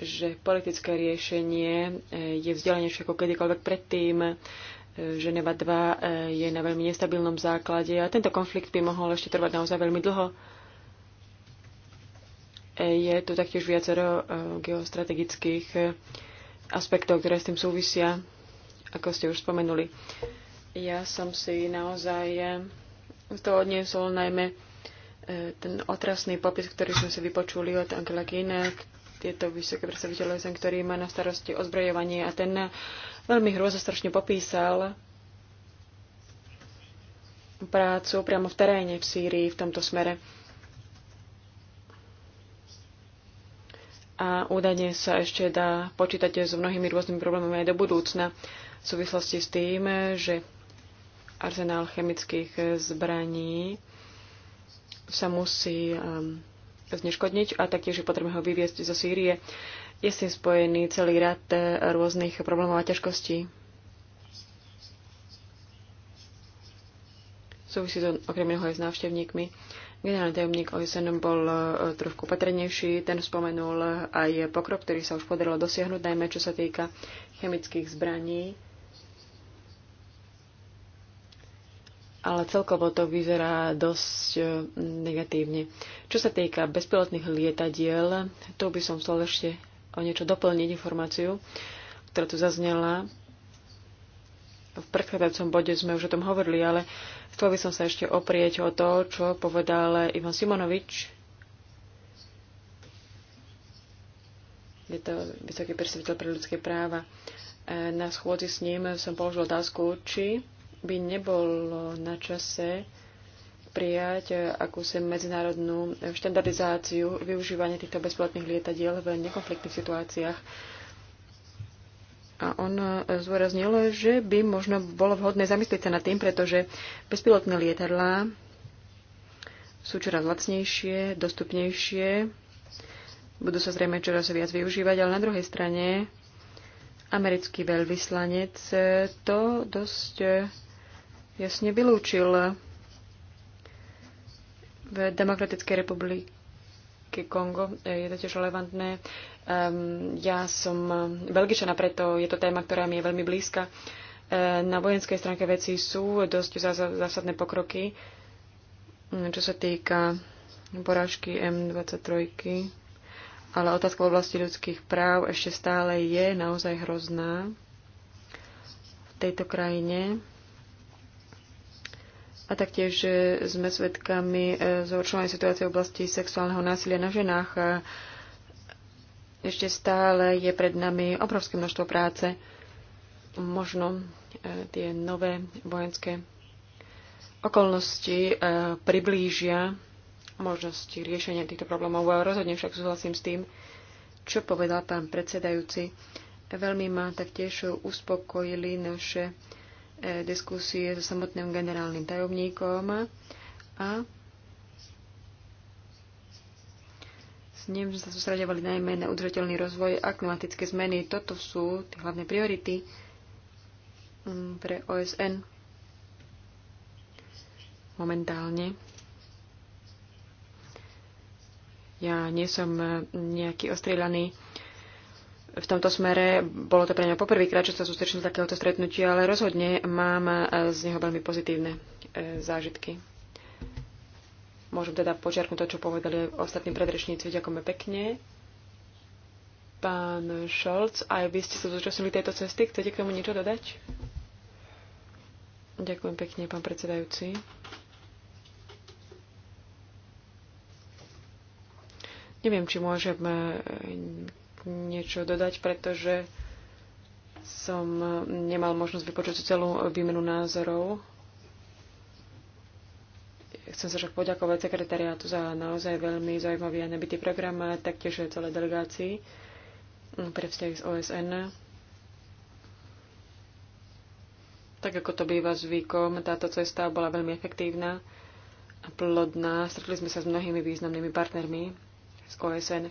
že politické riešenie eh, je vzdialenejšie ako kedykoľvek predtým. Eh, Neva 2 eh, je na veľmi nestabilnom základe a tento konflikt by mohol ešte trvať naozaj veľmi dlho. Je tu taktiež viacero geostrategických aspektov, ktoré s tým súvisia, ako ste už spomenuli. Ja som si naozaj z toho odniesol najmä ten otrasný popis, ktorý sme si vypočuli od Angela Kine, tieto vysoké predstaviteľe OSN, ktorý má na starosti ozbrojovanie a ten veľmi hrozostrašne popísal prácu priamo v teréne v Sýrii v tomto smere. A údajne sa ešte dá počítať s mnohými rôznymi problémami aj do budúcna v súvislosti s tým, že arzenál chemických zbraní sa musí um, zneškodniť a taktiež je potrebné ho vyviesť zo Sýrie. Je s tým spojený celý rad e, rôznych problémov a ťažkostí. Súvisí to okrem jeho aj s návštevníkmi. Generálny tajomník OSN bol e, trošku patrnejší, ten spomenul aj pokrok, ktorý sa už podarilo dosiahnuť, najmä čo sa týka chemických zbraní ale celkovo to vyzerá dosť e, negatívne. Čo sa týka bezpilotných lietadiel, tu by som chcel ešte o niečo doplniť informáciu, ktorá tu zaznela. V predchádzajúcom bode sme už o tom hovorili, ale chcel by som sa ešte oprieť o to, čo povedal Ivan Simonovič. Je to vysoký predstaviteľ pre ľudské práva. E, na schôdzi s ním som položil otázku, či by nebolo na čase prijať akúsi medzinárodnú štandardizáciu využívania týchto bezplatných lietadiel v nekonfliktných situáciách. A on e, zúraznil, že by možno bolo vhodné zamyslieť sa nad tým, pretože bezpilotné lietadlá sú čoraz lacnejšie, dostupnejšie, budú sa zrejme čoraz viac využívať, ale na druhej strane americký veľvyslanec e, to dosť e, jasne vylúčil. V Demokratickej republike Kongo e, je to tiež relevantné. Ja som Belgičana, preto je to téma, ktorá mi je veľmi blízka. E, na vojenskej stránke veci sú dosť zásadné pokroky, čo sa týka porážky M23, ale otázka v oblasti ľudských práv ešte stále je naozaj hrozná v tejto krajine. A taktiež e, sme svedkami e, zhoršovania situácie v oblasti sexuálneho násilia na ženách. Ešte stále je pred nami obrovské množstvo práce. Možno e, tie nové vojenské okolnosti priblížia možnosti riešenia týchto problémov. Rozhodne však súhlasím s tým, čo povedal pán predsedajúci. Veľmi ma taktiež uspokojili naše E, diskusie so samotným generálnym tajomníkom a s ním sa sústredovali najmä na udržateľný rozvoj a klimatické zmeny. Toto sú tie hlavné priority mm, pre OSN momentálne. Ja nie som nejaký ostrieľaný v tomto smere. Bolo to pre mňa poprvýkrát, čo sa sústrečím z takéhoto stretnutia, ale rozhodne mám e, z neho veľmi pozitívne e, zážitky. Môžem teda počiarknúť to, čo povedali ostatní predrečníci. Ďakujeme pekne. Pán Šolc, aj vy ste sa zúčastnili tejto cesty. Chcete k tomu niečo dodať? Ďakujem pekne, pán predsedajúci. Neviem, či môžem e, niečo dodať, pretože som nemal možnosť vypočuť celú výmenu názorov. Chcem sa však poďakovať sekretariátu za naozaj veľmi zaujímavý a nebytý program a taktiež aj celé delegácii pre vzťahy z OSN. Tak ako to býva zvykom, táto cesta bola veľmi efektívna a plodná. Stretli sme sa s mnohými významnými partnermi z OSN.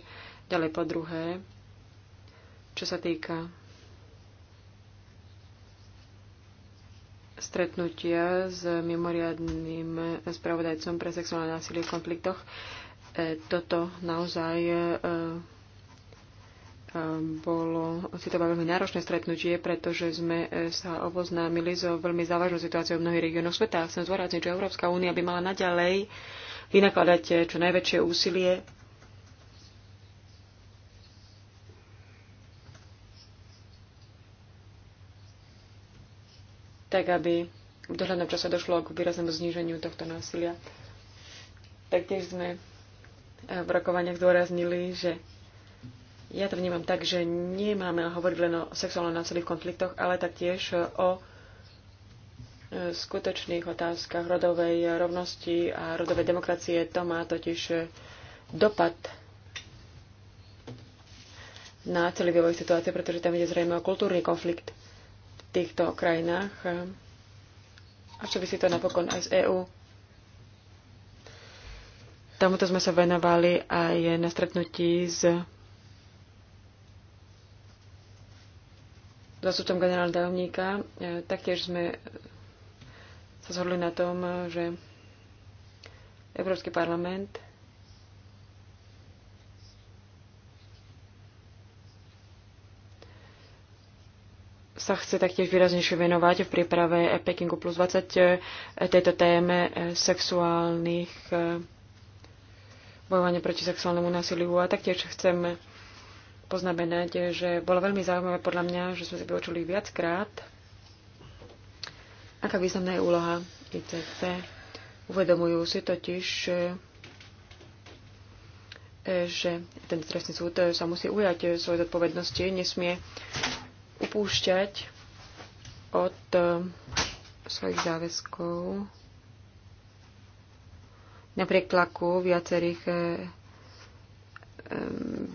Ďalej po druhé, čo sa týka stretnutia s mimoriadným spravodajcom pre sexuálne násilie v konfliktoch. E, toto naozaj e, e, bolo citové veľmi náročné stretnutie, pretože sme sa oboznámili so veľmi závažnou situáciou v mnohých regiónoch sveta. Chcem zvorazniť, že Európska únia by mala naďalej vynakladať čo najväčšie úsilie tak aby v dohľadnom čase došlo k výraznému zníženiu tohto násilia. Taktiež sme e, v rokovaniach zdôraznili, že ja to vnímam tak, že nemáme hovoriť len o sexuálnom násilí v konfliktoch, ale taktiež o e, skutočných otázkach rodovej rovnosti a rodovej demokracie. To má totiž e, dopad na celý vývoj situácie, pretože tam ide zrejme o kultúrny konflikt týchto krajinách a si to napokon aj z EÚ. Tomuto sme sa venovali aj na stretnutí s zastupcom generálneho tajomníka. Taktiež sme sa zhodli na tom, že Európsky parlament sa chce taktiež výraznejšie venovať v príprave Pekingu plus 20 e, tejto téme e, sexuálnych e, bojovania proti sexuálnemu násiliu a taktiež chcem poznamenať, že bolo veľmi zaujímavé podľa mňa, že sme si vyučili viackrát, aká významná je úloha ICC. Uvedomujú si totiž, že ten trestný súd sa musí ujať svoje zodpovednosti, nesmie upúšťať od e, svojich záväzkov napriek tlaku viacerých e, e,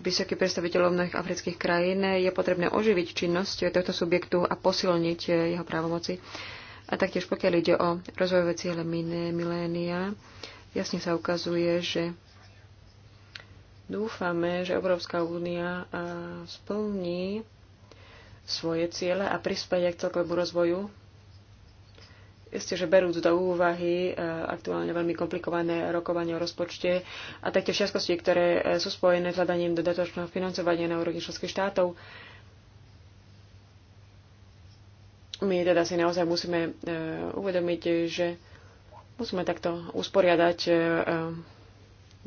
vysokých predstaviteľov mnohých afrických krajín je potrebné oživiť činnosť tohto subjektu a posilniť jeho právomoci. A taktiež pokiaľ ide o rozvojové ciele milénia, jasne sa ukazuje, že dúfame, že Európska únia splní svoje ciele a prispieje k celkovému rozvoju. Isté, že berúc do úvahy e, aktuálne veľmi komplikované rokovanie o rozpočte a taktiež všetkosti, ktoré e, sú spojené s hľadaním dodatočného financovania na úrovni členských štátov, my teda si naozaj musíme e, uvedomiť, že musíme takto usporiadať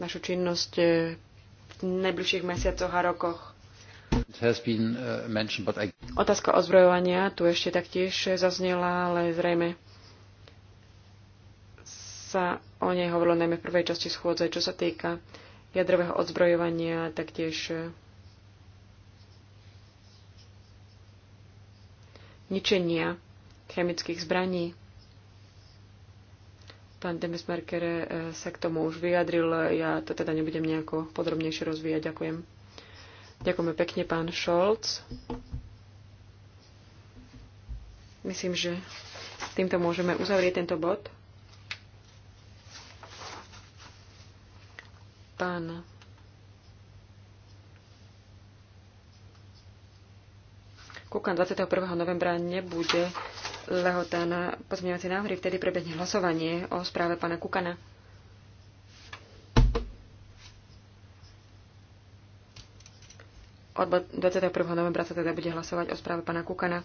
našu činnosť v najbližších mesiacoch a rokoch. Uh, Otázka ozbrojovania tu ešte taktiež zaznela, ale zrejme sa o nej hovorilo najmä v prvej časti schôdze, čo sa týka jadrového odzbrojovania, taktiež e, ničenia chemických zbraní. Pán Demesmerker e, sa k tomu už vyjadril, ja to teda nebudem nejako podrobnejšie rozvíjať. Ďakujem. Ďakujeme pekne, pán Šolc. Myslím, že týmto môžeme uzavrieť tento bod. Pán Kukan 21. novembra nebude lehota na pozmeňovacie návrhy, vtedy prebehne hlasovanie o správe pána Kukana. Od 21. novembra sa teda bude hlasovať o správe pána Kukana.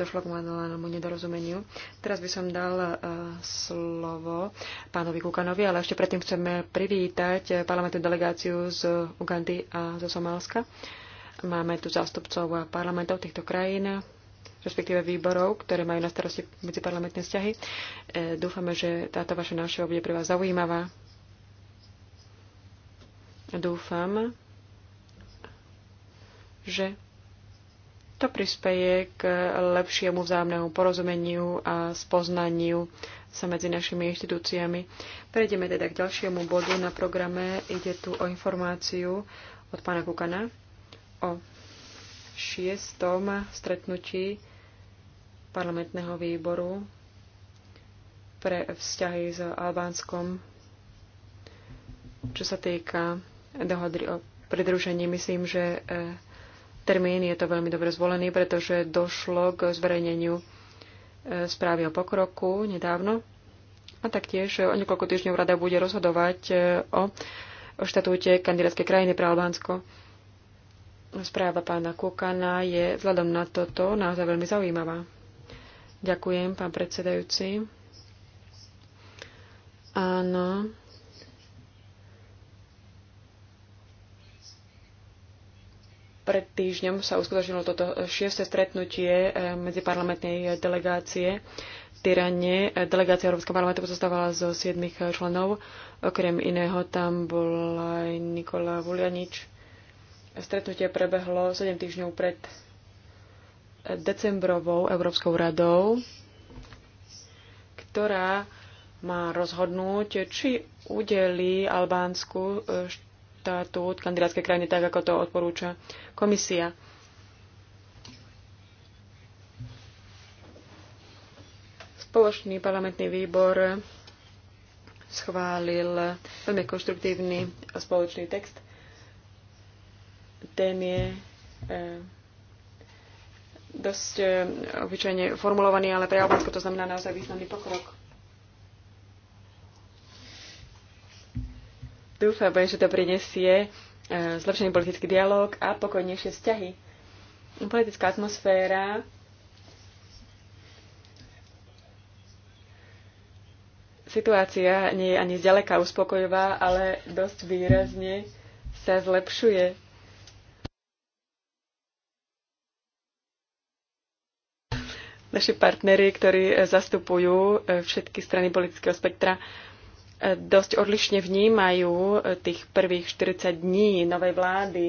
Došlo k malému nedorozumeniu. Teraz by som dal uh, slovo pánovi Kukanovi, ale ešte predtým chceme privítať e, parlamentnú delegáciu z Ugandy a zo Somálska. Máme tu zástupcov parlamentov týchto krajín, respektíve výborov, ktoré majú na starosti medziparlamentné vzťahy. E, dúfame, že táto vaša návšteva bude pre vás zaujímavá. Dúfam, že to prispeje k lepšiemu vzájomnému porozumeniu a spoznaniu sa medzi našimi inštitúciami. Prejdeme teda k ďalšiemu bodu na programe. Ide tu o informáciu od pána Kukana o šiestom stretnutí parlamentného výboru pre vzťahy s Albánskom, čo sa týka dohody o pridružení. Myslím, že e, termín je to veľmi dobre zvolený, pretože došlo k zverejneniu e, správy o pokroku nedávno. A taktiež o niekoľko týždňov rada bude rozhodovať e, o, o štatúte kandidátskej krajiny pre Albánsko. Správa pána Kukana je vzhľadom na toto naozaj veľmi zaujímavá. Ďakujem, pán predsedajúci. Áno. Pred týždňom sa uskutočnilo toto šieste stretnutie eh, medziparlamentnej delegácie Tyrane. Eh, delegácia Európskeho parlamentu pozostávala zo siedmých eh, členov. Okrem iného tam bol aj Nikola Vulianič. Stretnutie prebehlo 7 týždňov pred decembrovou Európskou radou, ktorá má rozhodnúť, či udeli Albánsku štatút kandidátske krajiny tak, ako to odporúča komisia. Spoločný parlamentný výbor schválil veľmi konštruktívny a spoločný text. Ten je e, dosť e, obyčajne formulovaný, ale pre Albánsko to znamená naozaj významný pokrok. dúfam, že to prinesie e, zlepšený politický dialog a pokojnejšie vzťahy. Politická atmosféra situácia nie je ani zďaleka uspokojová, ale dosť výrazne sa zlepšuje. Naši partnery, ktorí zastupujú e, všetky strany politického spektra, dosť odlišne vnímajú eh, tých prvých 40 dní novej vlády.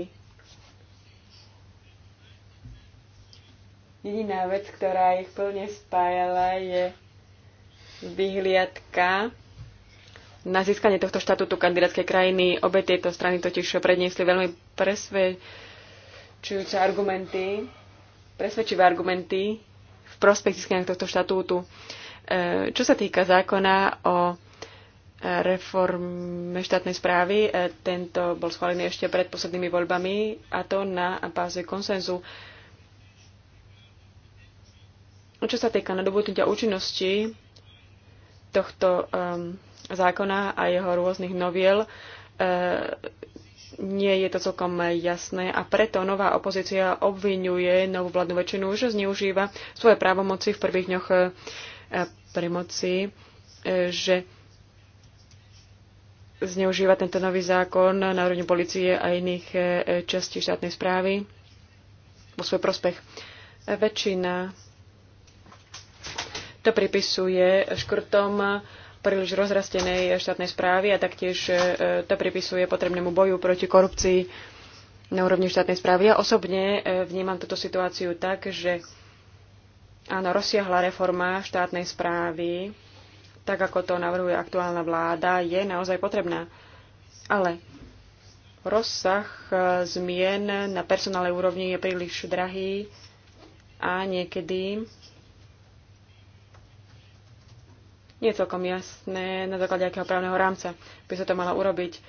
Jediná vec, ktorá ich plne spájala, je vyhliadka na získanie tohto štatútu kandidátskej krajiny. Obe tieto strany totiž predniesli veľmi presvedčujúce argumenty, presvedčivé argumenty v prospech získania tohto štatútu. Eh, čo sa týka zákona o reforme štátnej správy. E, tento bol schválený ešte pred poslednými voľbami a to na báze konsenzu. Čo sa týka nadobudnutia účinnosti tohto um, zákona a jeho rôznych noviel, uh, nie je to celkom jasné a preto nová opozícia obvinuje novú vládnu väčšinu, že zneužíva svoje právomoci v prvých dňoch uh, moci, uh, že zneužíva tento nový zákon na úrovni policie a iných e, častí štátnej správy vo svoj prospech. Väčšina to pripisuje škrtom príliš rozrastenej štátnej správy a taktiež e, to pripisuje potrebnému boju proti korupcii na úrovni štátnej správy. Ja osobne e, vnímam túto situáciu tak, že áno, rozsiahla reforma štátnej správy tak ako to navrhuje aktuálna vláda, je naozaj potrebná. Ale rozsah e, zmien na personálnej úrovni je príliš drahý a niekedy nie je celkom jasné, na základe akého právneho rámca by sa to malo urobiť.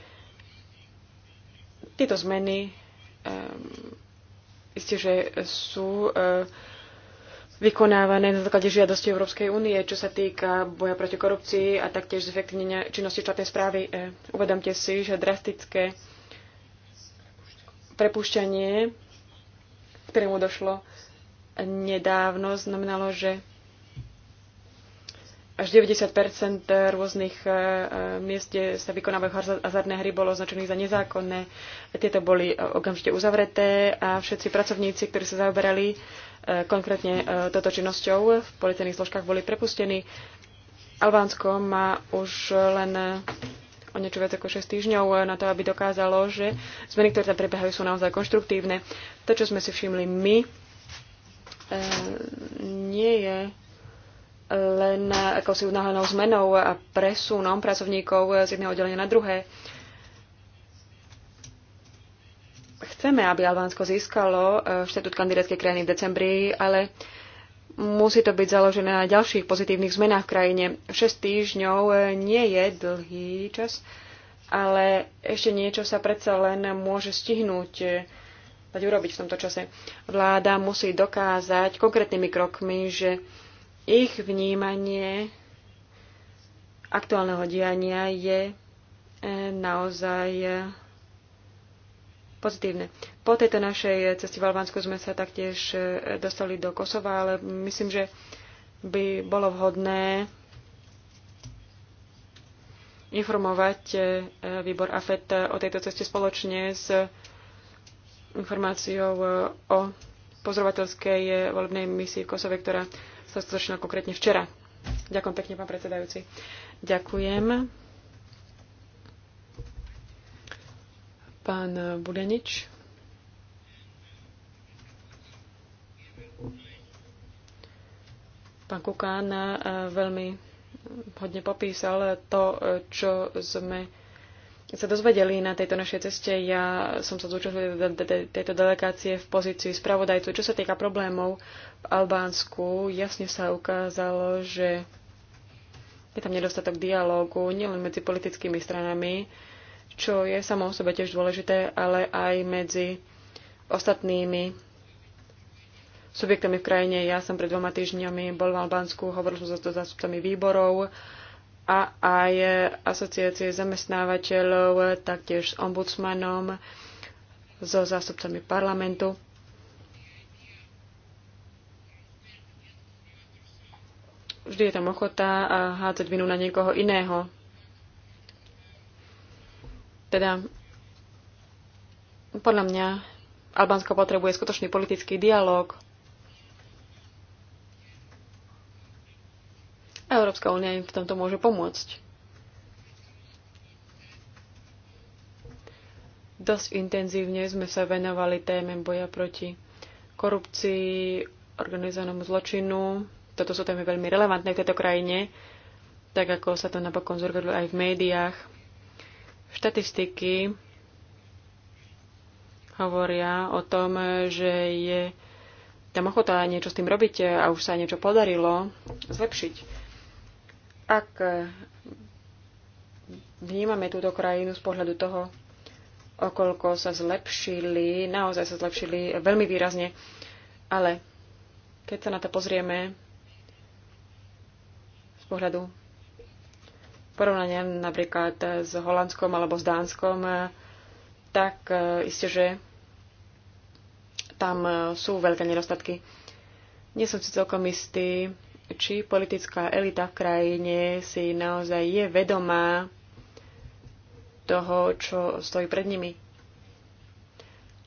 Tieto zmeny um, isté, že sú uh, vykonávané na základe žiadosti Európskej únie, čo sa týka boja proti korupcii a taktiež zefektívnenia činnosti štátnej správy. E, uvedomte si, že drastické prepušťanie, ktorému došlo nedávno, znamenalo, že až 90 eh, rôznych eh, eh, miest, kde sa vykonávajú hazardné hry, bolo označených za nezákonné. Tieto boli okamžite uzavreté a všetci pracovníci, ktorí sa zaoberali konkrétne toto činnosťou v policajných zložkách, boli prepustení. Albánsko má už len o niečo viac ako 6 týždňov na to, aby dokázalo, že zmeny, ktoré tam prebiehajú, sú naozaj konštruktívne. To, čo sme si všimli my, nie je len ako si unáhlenou zmenou a presunom pracovníkov z jedného oddelenia na druhé. Chceme, aby Albánsko získalo eh, štatút kandidátskej krajiny v decembri, ale musí to byť založené na ďalších pozitívnych zmenách v krajine. 6 týždňov eh, nie je dlhý čas, ale ešte niečo sa predsa len môže stihnúť eh, dať urobiť v tomto čase. Vláda musí dokázať konkrétnymi krokmi, že ich vnímanie aktuálneho diania je eh, naozaj eh, pozitívne. Po tejto našej ceste v Albánsku sme sa taktiež eh, dostali do Kosova, ale myslím, že by bolo vhodné informovať výbor AFET o tejto ceste spoločne s informáciou o pozorovateľskej volebnej misii v Kosove, ktorá sa začínal konkrétne včera. Ďakujem pekne, pán predsedajúci. Ďakujem. Pán Budenič. Pán Kukán eh, veľmi hodne popísal to, eh, čo sme keď sa dozvedeli na tejto našej ceste. Ja som sa zúčastnil teda tejto delegácie v pozícii spravodajcu. Čo sa týka problémov v Albánsku, jasne sa ukázalo, že je tam nedostatok dialógu nielen medzi politickými stranami, čo je samo o sebe tiež dôležité, ale aj medzi ostatnými subjektami v krajine. Ja som pred dvoma týždňami bol v Albánsku, hovoril som so zástupcami výborov, a aj asociácie zamestnávateľov, taktiež s ombudsmanom, so zástupcami parlamentu. Vždy je tam ochota hádzať vinu na niekoho iného. Teda, podľa mňa, Albánsko potrebuje skutočný politický dialog A Európska únia im v tomto môže pomôcť. Dosť intenzívne sme sa venovali téme boja proti korupcii, organizovanému zločinu. Toto sú témy veľmi relevantné v tejto krajine, tak ako sa to napokon zorganizovalo aj v médiách. Štatistiky hovoria o tom, že je tam ochota niečo s tým robiť a už sa niečo podarilo zlepšiť. Ak vnímame túto krajinu z pohľadu toho, okolko sa zlepšili, naozaj sa zlepšili veľmi výrazne, ale keď sa na to pozrieme z pohľadu porovnania napríklad s Holandskom alebo s Dánskom, tak e, isté, že tam e, sú veľké nedostatky. Nie som si celkom istý, či politická elita v krajine si naozaj je vedomá toho, čo stojí pred nimi.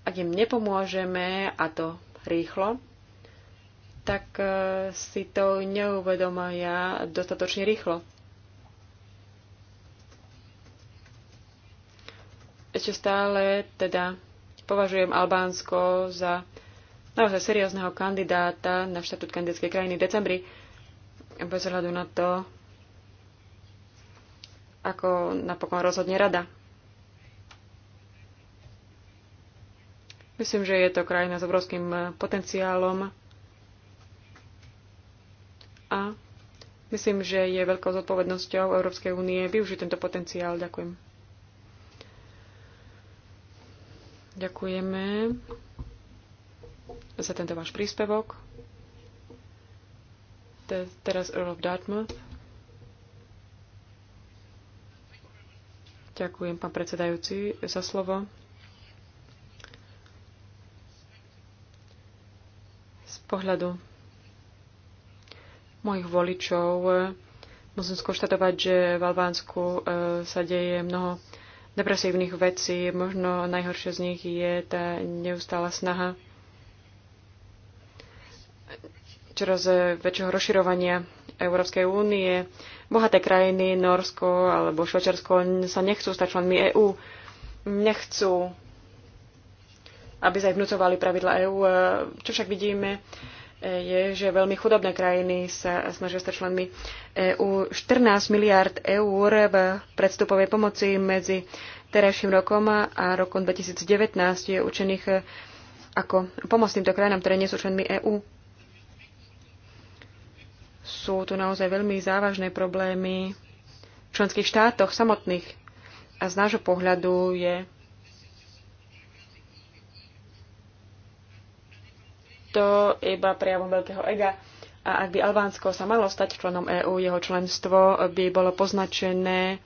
Ak im nepomôžeme, a to rýchlo, tak e, si to neuvedomia dostatočne rýchlo. Ešte stále teda považujem Albánsko za naozaj seriózneho kandidáta na štatút kandidátskej krajiny v decembri bez hľadu na to, ako napokon rozhodne rada. Myslím, že je to krajina s obrovským e, potenciálom a myslím, že je veľkou zodpovednosťou Európskej únie využiť tento potenciál. Ďakujem. Ďakujeme za tento váš príspevok teraz Earl of Dartmouth. Ďakujem, pán predsedajúci, za slovo. Z pohľadu mojich voličov eh, musím skonštatovať, že v Albánsku eh, sa deje mnoho depresívnych vecí. Možno najhoršie z nich je tá neustála snaha čoraz e, väčšieho rozširovania Európskej únie. Bohaté krajiny, Norsko alebo Švečersko sa nechcú stať členmi EÚ. Nechcú, aby sa pravidla EÚ. E, čo však vidíme, e, je, že veľmi chudobné krajiny sa snažia stať členmi EÚ. 14 miliard eur v predstupovej pomoci medzi terajším rokom a rokom 2019 je učených ako pomoc týmto krajinám, ktoré nie sú členmi EÚ sú tu naozaj veľmi závažné problémy v členských štátoch samotných. A z nášho pohľadu je to iba prejavom veľkého ega. A ak by Albánsko sa malo stať členom EÚ, jeho členstvo by bolo poznačené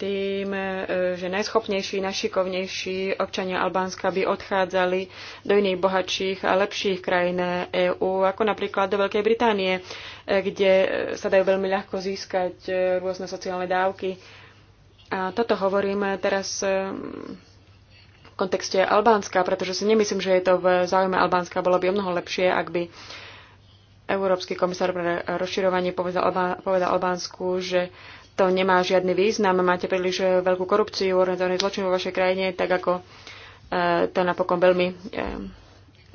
tým, e, že najschopnejší, najšikovnejší občania Albánska by odchádzali do iných bohatších a lepších krajín EÚ, ako napríklad do Veľkej Británie, e, kde e, sa dajú veľmi ľahko získať rôzne sociálne dávky. A toto hovorím teraz v kontexte Albánska, pretože si nemyslím, že je to v záujme Albánska. Bolo by o mnoho lepšie, ak by Európsky komisár pre rozširovanie povedal, Albánsku, že to nemá žiadny význam, máte príliš e, veľkú korupciu, organizovaný zločin vo vašej krajine, tak ako e, to napokon veľmi e,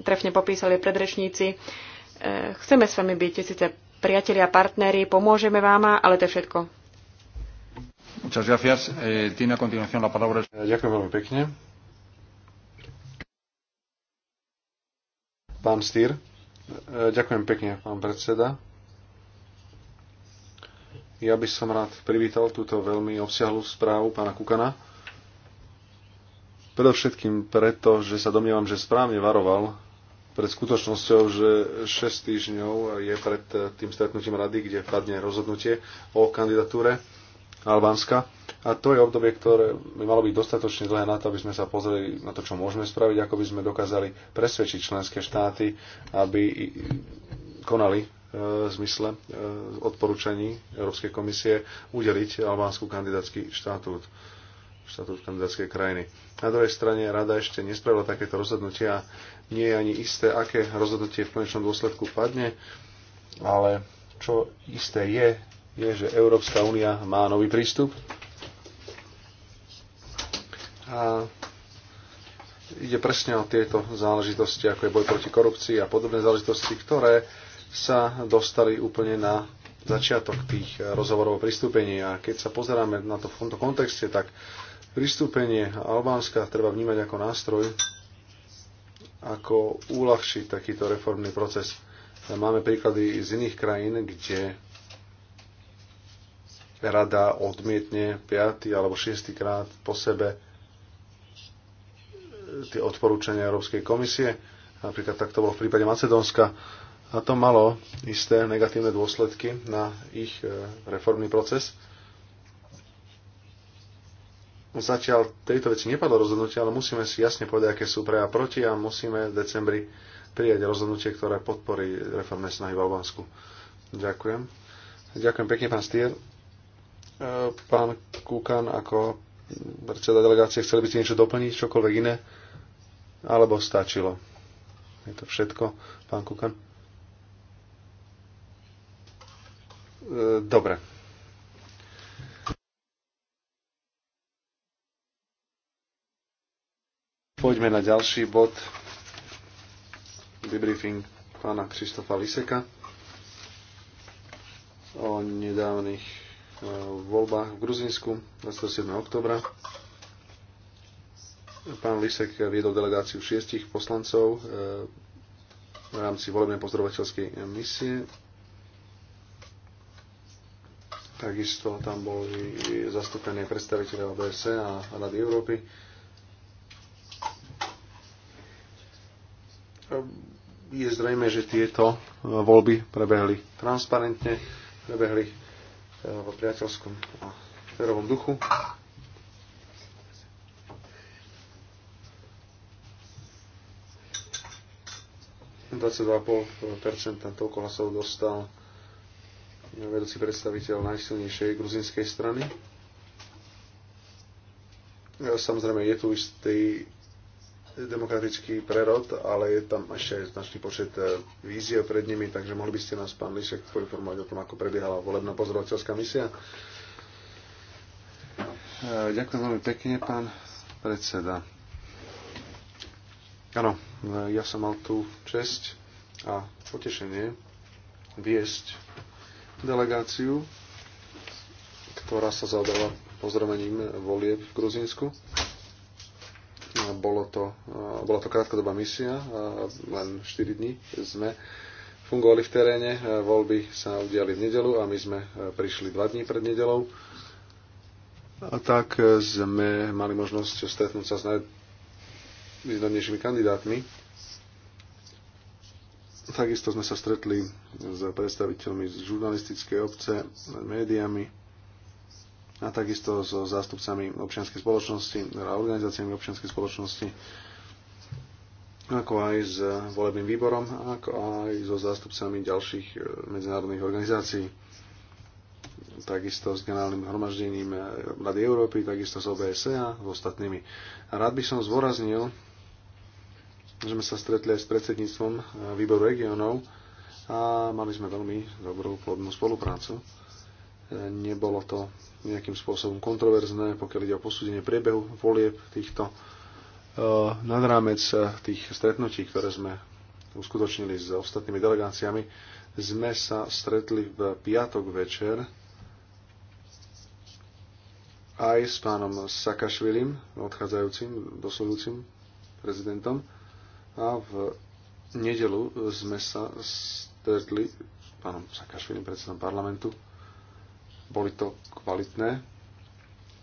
trefne popísali predrečníci. Chceme s vami byť síce priatelia, partneri, pomôžeme vám, ale to je všetko. Eh, ďakujem veľmi pekne. Pán Stýr. Ďakujem pekne, pán predseda. Ja by som rád privítal túto veľmi obsiahlu správu pána Kukana. Predovšetkým preto, že sa domnievam, že správne varoval pred skutočnosťou, že 6 týždňov je pred tým stretnutím rady, kde padne rozhodnutie o kandidatúre Albánska. A to je obdobie, ktoré by malo byť dostatočne dlhé na to, aby sme sa pozreli na to, čo môžeme spraviť, ako by sme dokázali presvedčiť členské štáty, aby konali v zmysle e, odporúčaní Európskej komisie udeliť Albánsku kandidátsky štatút štatút kandidátskej krajiny. Na druhej strane rada ešte nespravila takéto rozhodnutia. Nie je ani isté, aké rozhodnutie v konečnom dôsledku padne, ale čo isté je, je, že Európska únia má nový prístup a ide presne o tieto záležitosti, ako je boj proti korupcii a podobné záležitosti, ktoré sa dostali úplne na začiatok tých eh, rozhovorov o pristúpení. A keď sa pozeráme na to v tomto kontexte, tak pristúpenie Albánska treba vnímať ako nástroj, ako uľahčiť takýto reformný proces. Máme príklady z iných krajín, kde rada odmietne 5. alebo 6. krát po sebe eh, tie odporúčania Európskej komisie. Napríklad takto bolo v prípade Macedónska a to malo isté negatívne dôsledky na ich e, reformný proces. Zatiaľ tejto veci nepadlo rozhodnutie, ale musíme si jasne povedať, aké sú pre a proti a musíme v decembri prijať rozhodnutie, ktoré podporí reformné snahy v Albánsku. Ďakujem. Ďakujem pekne, pán Stier. E, pán Kúkan, ako predseda delegácie, chceli by ste niečo doplniť, čokoľvek iné? Alebo stačilo? Je to všetko, pán Kukan? E, dobre. Poďme na ďalší bod. Debriefing pána Kristofa Liseka o nedávnych e, voľbách v Gruzinsku 27. oktobra. Pán Lisek viedol delegáciu šiestich poslancov e, v rámci volebnej pozdravateľskej misie Takisto tam boli zastúpení predstaviteľe OBS a Rady Európy. Je zrejme, že tieto voľby prebehli transparentne, prebehli eh, v priateľskom a férovom duchu. percent toľko hlasov dostal vedúci predstaviteľ najsilnejšej gruzinskej strany. No, samozrejme, je tu istý demokratický prerod, ale je tam ešte aj značný počet e, víziev pred nimi, takže mohli by ste nás, pán Lišek, poinformovať o tom, ako prebiehala volebná pozorovateľská misia. E, ďakujem veľmi pekne, pán predseda. Áno, e, ja som mal tú čest a potešenie viesť delegáciu, ktorá sa zaoberala pozdravením volieb v Gruzínsku. Bolo to, bola to krátkodobá misia, len 4 dní sme fungovali v teréne. Voľby sa udiali v nedelu a my sme e, prišli 2 dní pred nedelou. A tak e, sme mali možnosť stretnúť sa s najvýznamnejšími kandidátmi Takisto sme sa stretli s predstaviteľmi z žurnalistickej obce, médiami a takisto so zástupcami občianskej spoločnosti, a teda organizáciami občianskej spoločnosti, ako aj s volebným výborom, ako aj so zástupcami ďalších e, medzinárodných organizácií takisto s generálnym hromaždením Rady Európy, takisto s OBSE a s ostatnými. A rád by som zvoraznil sme sa stretli aj s predsedníctvom e, výboru regionov a mali sme veľmi dobrú plodnú spoluprácu. E, nebolo to nejakým spôsobom kontroverzné, pokiaľ ide o posúdenie priebehu volieb týchto e, nad rámec tých stretnutí, ktoré sme uskutočnili s ostatnými delegáciami, sme sa stretli v piatok večer aj s pánom Sakašvilim, odchádzajúcim, dosledujúcim prezidentom, a v nedelu sme sa stretli s pánom Sakašvilim, predsedom parlamentu. Boli to kvalitné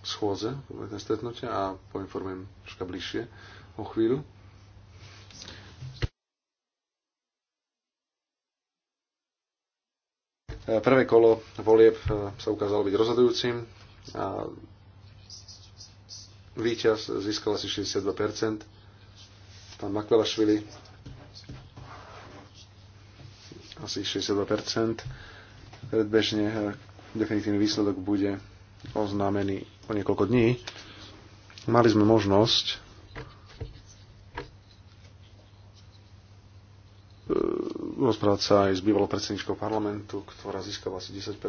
schôdze, kvalitné stretnutia a poinformujem troška bližšie o chvíľu. Prvé kolo volieb sa ukázalo byť rozhodujúcim a víťaz získal asi 62%, pán Maklevašvili, asi 62%. Predbežne eh, definitívny výsledok bude oznámený o niekoľko dní. Mali sme možnosť eh, rozprávať sa aj s bývalou predsedničkou parlamentu, ktorá získala asi 10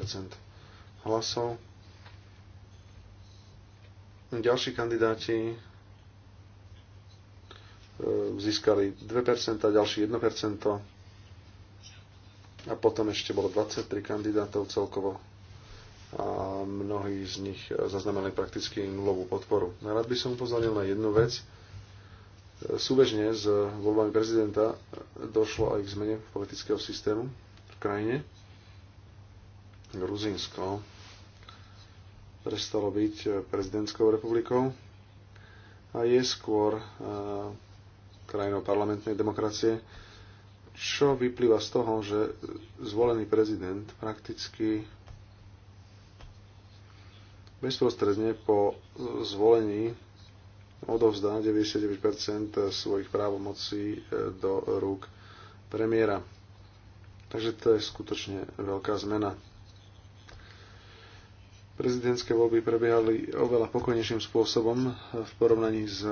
hlasov. Ďalší kandidáti Ehm, získali 2%, ďalší 1% a potom ešte bolo 23 kandidátov celkovo a mnohí z nich zaznamenali prakticky nulovú podporu. Rád by som upozornil na jednu vec. Súbežne s voľbami prezidenta došlo aj k zmene politického systému v krajine. Gruzinsko prestalo byť prezidentskou republikou a je skôr eh, krajinou parlamentnej demokracie, čo vyplýva z toho, že zvolený prezident prakticky bezprostredne po zvolení odovzdá 99% svojich právomocí e, do rúk premiéra. Takže to je skutočne veľká zmena. Prezidentské voľby prebiehali oveľa pokojnejším spôsobom e, v porovnaní s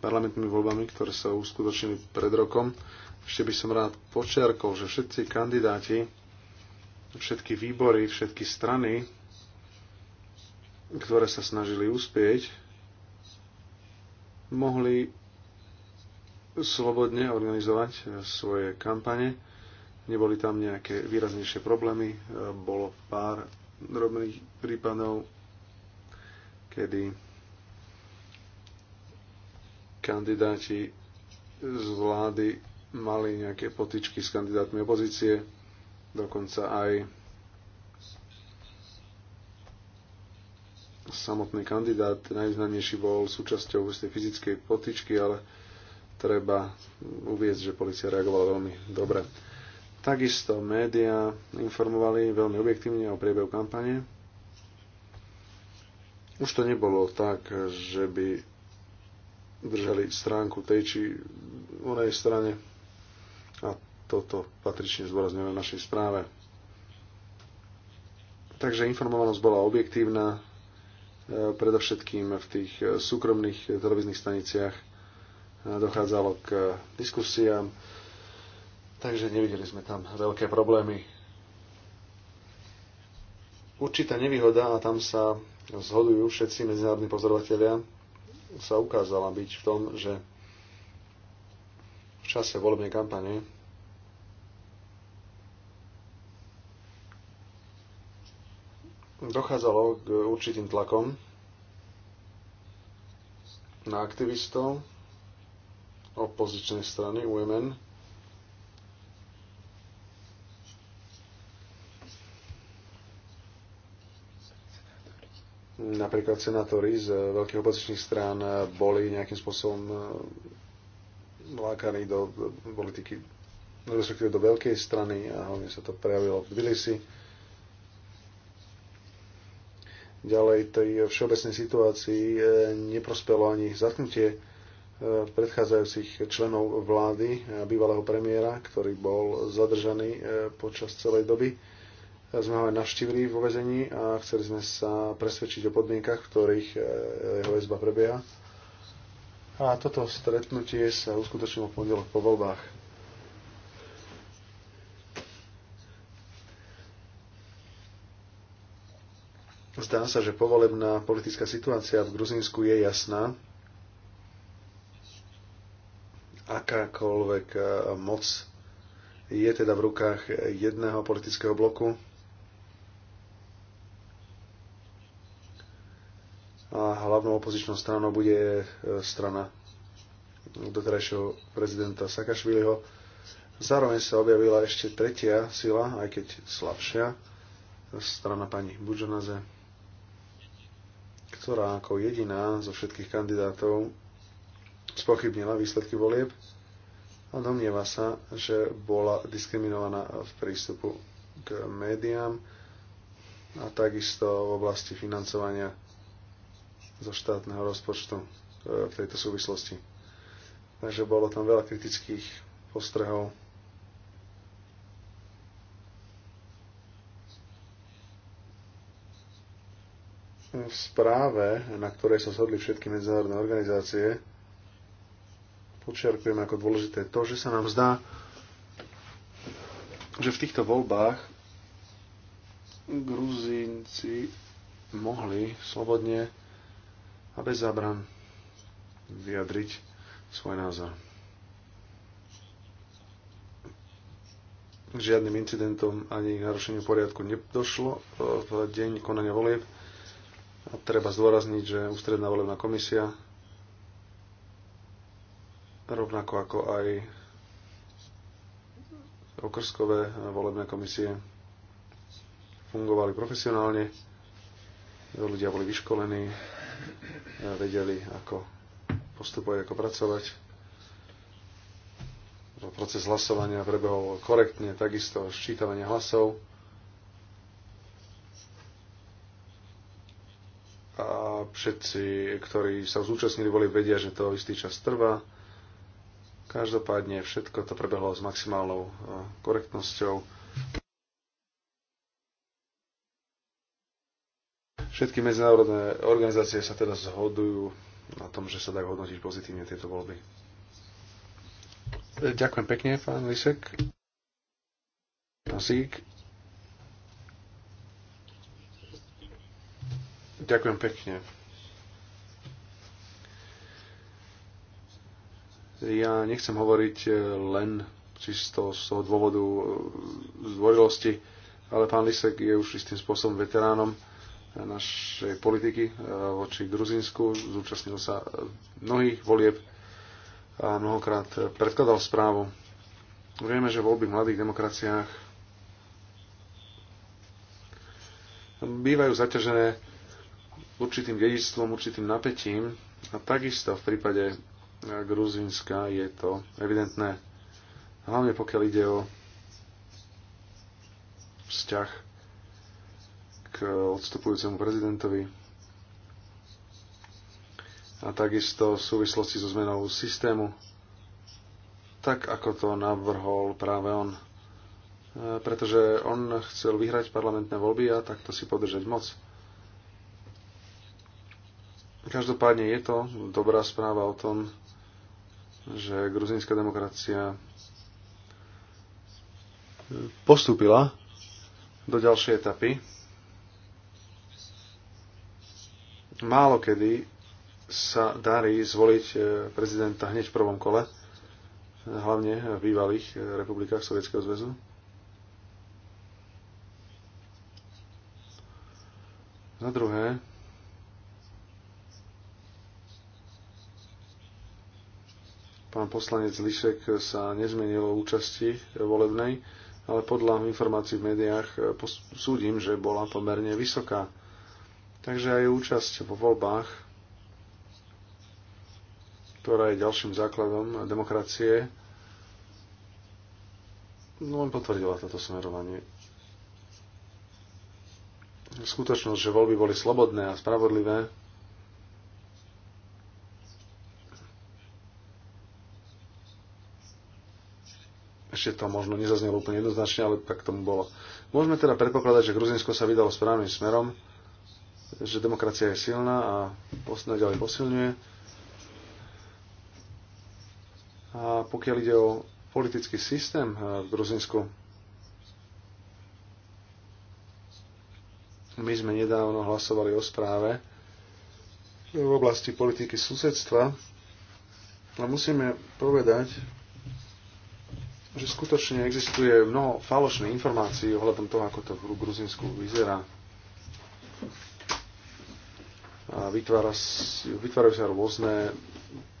parlamentnými voľbami, ktoré sa uskutočnili pred rokom. Ešte by som rád počiarkol, že všetci kandidáti, všetky výbory, všetky strany, ktoré sa snažili uspieť, mohli slobodne organizovať eh, svoje kampane. Neboli tam nejaké výraznejšie problémy. Eh, bolo pár drobných prípadov, kedy kandidáti z vlády mali nejaké potičky s kandidátmi opozície, dokonca aj samotný kandidát najznámejší bol súčasťou tej fyzickej potičky, ale treba uviezť, že policia reagovala veľmi dobre. Takisto médiá informovali veľmi objektívne o priebehu kampane. Už to nebolo tak, že by držali stránku tej či onej strane a toto patrične zdôrazňujeme v našej správe. Takže informovanosť bola objektívna, e, predovšetkým v tých e, súkromných televíznych staniciach e, dochádzalo k diskusiám, takže nevideli sme tam veľké problémy. Určitá nevýhoda, a tam sa zhodujú všetci medzinárodní pozorovatelia, sa ukázala byť v tom, že v čase volebnej kampane dochádzalo k určitým tlakom na aktivistov opozičnej strany UMN, napríklad senátori z veľkých opozičných strán boli nejakým spôsobom eh, lákaní do politiky, respektíve do veľkej strany a hlavne sa to prejavilo v Tbilisi. Ďalej tej všeobecnej situácii eh, neprospelo ani zatknutie eh, predchádzajúcich členov vlády bývalého premiéra, ktorý bol zadržaný počas celej doby sme ho aj navštívili vo vezení a chceli sme sa presvedčiť o podmienkach, v ktorých e, jeho väzba prebieha. A toto stretnutie sa uskutočnilo v pondelok po voľbách. Zdá sa, že povolebná politická situácia v Gruzínsku je jasná. Akákoľvek e, moc je teda v rukách jedného politického bloku, opozičnou stranou bude e, strana doterajšieho prezidenta Sakašviliho. Zároveň sa objavila ešte tretia sila, aj keď slabšia, strana pani Budžanaze, ktorá ako jediná zo všetkých kandidátov spochybnila výsledky volieb a domnieva sa, že bola diskriminovaná v prístupu k médiám a takisto v oblasti financovania zo štátneho rozpočtu e, v tejto súvislosti. Takže bolo tam veľa kritických postrehov. V správe, na ktorej sa zhodli všetky medzinárodné organizácie, počiarkujem ako dôležité to, že sa nám zdá, že v týchto voľbách Gruzínci mohli slobodne a bez zábran vyjadriť svoj názor. K žiadnym incidentom ani narušeniu poriadku nedošlo e, v deň konania volieb. A treba zdôrazniť, že ústredná volebná komisia, rovnako ako aj okrskové volebné komisie, fungovali profesionálne, ľudia boli vyškolení, vedeli, ako postupovať, ako pracovať. Proces hlasovania prebehol korektne, takisto ščítavanie hlasov. A všetci, ktorí sa zúčastnili, boli vedia, že to istý čas trvá. Každopádne všetko to prebehlo s maximálnou eh, korektnosťou Všetky medzinárodné organizácie sa teda zhodujú na tom, že sa dá hodnotiť pozitívne tieto voľby. E, ďakujem pekne, pán Lisek. Pán Sík. Ďakujem pekne. Ja nechcem hovoriť e, len čisto z toho dôvodu e, zdvorilosti, ale pán Lisek je už istým spôsobom veteránom našej politiky e, voči Gruzinsku. Zúčastnil sa e, mnohých volieb a mnohokrát e, predkladal správu. Vieme, že voľby v mladých demokraciách bývajú zaťažené určitým dedičstvom, určitým napätím a takisto v prípade Gruzínska je to evidentné, hlavne pokiaľ ide o vzťah k eh, odstupujúcemu prezidentovi a takisto v súvislosti so zmenou systému, tak ako to navrhol práve on. Eh, pretože on chcel vyhrať parlamentné voľby a takto si podržať moc. Každopádne je to dobrá správa o tom, že gruzínska demokracia postúpila do ďalšej etapy. Málo kedy sa darí zvoliť e, prezidenta hneď v prvom kole, hlavne v bývalých e, republikách Sovietskeho zväzu. Za druhé, pán poslanec Lišek sa nezmenil o účasti volebnej, ale podľa informácií v médiách e, súdim, že bola pomerne vysoká Takže aj účasť vo voľbách, ktorá je ďalším základom demokracie, no len potvrdila toto smerovanie. Skutočnosť, že voľby boli slobodné a spravodlivé, ešte to možno nezaznelo úplne jednoznačne, ale tak tomu bolo. Môžeme teda predpokladať, že Gruzinsko sa vydalo správnym smerom že demokracia je silná a posledná ďalej posilňuje. A pokiaľ ide o politický systém v Gruzinsku, my sme nedávno hlasovali o správe v oblasti politiky susedstva a musíme povedať, že skutočne existuje mnoho falošných informácií ohľadom toho, ako to v Gruzinsku vyzerá a vytvára, vytvárajú sa rôzne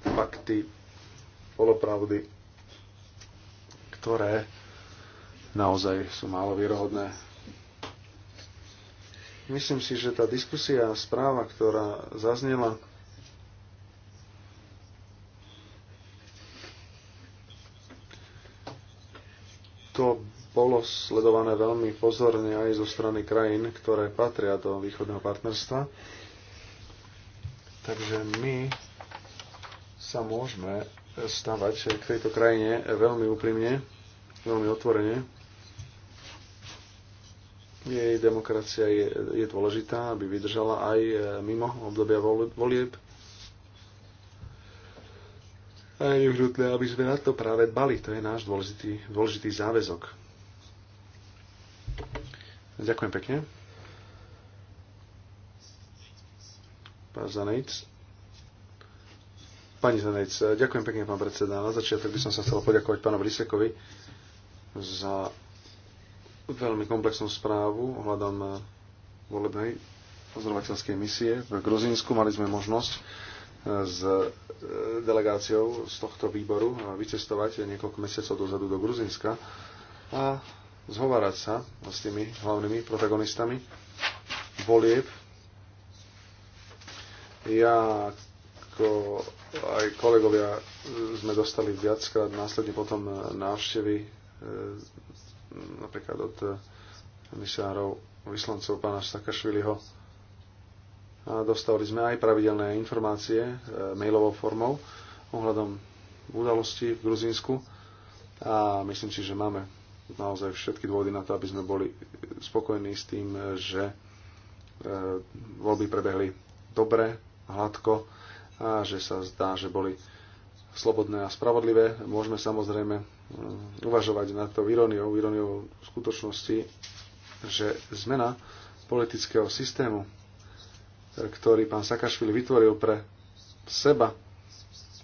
fakty, polopravdy, ktoré naozaj sú málo vierohodné. Myslím si, že tá diskusia a správa, ktorá zaznela, to bolo sledované veľmi pozorne aj zo strany krajín, ktoré patria do východného partnerstva Takže my sa môžeme stavať k tejto krajine veľmi úprimne, veľmi otvorene. Jej demokracia je, je dôležitá, aby vydržala aj mimo obdobia volieb. A je nevyhnutné, aby sme na to práve dbali. To je náš dôležitý, dôležitý záväzok. Ďakujem pekne. Zanejc. Pani Zanejc, ďakujem pekne, pán predseda. Na začiatok by som sa chcel poďakovať pánovi Lisekovi za veľmi komplexnú správu ohľadom eh, volebnej pozorovateľskej misie v Gruzínsku. Mali sme možnosť eh, s eh, delegáciou z tohto výboru vycestovať niekoľko mesiacov dozadu do Gruzínska a zhovárať sa s tými hlavnými protagonistami volieb ja ako aj kolegovia sme dostali viackrát následne potom eh, návštevy eh, napríklad od eh, misárov, vyslancov pána Sakašviliho. A dostali sme aj pravidelné informácie mailovou formou ohľadom udalostí v Gruzínsku a myslím si, že máme naozaj všetky dôvody na to, aby sme boli spokojní s tým, že voľby prebehli dobre, hladko a že sa zdá, že boli slobodné a spravodlivé. Môžeme samozrejme mm, uvažovať nad to ironiou, ironiou skutočnosti, že zmena politického systému, ktorý pán Sakašvili vytvoril pre seba,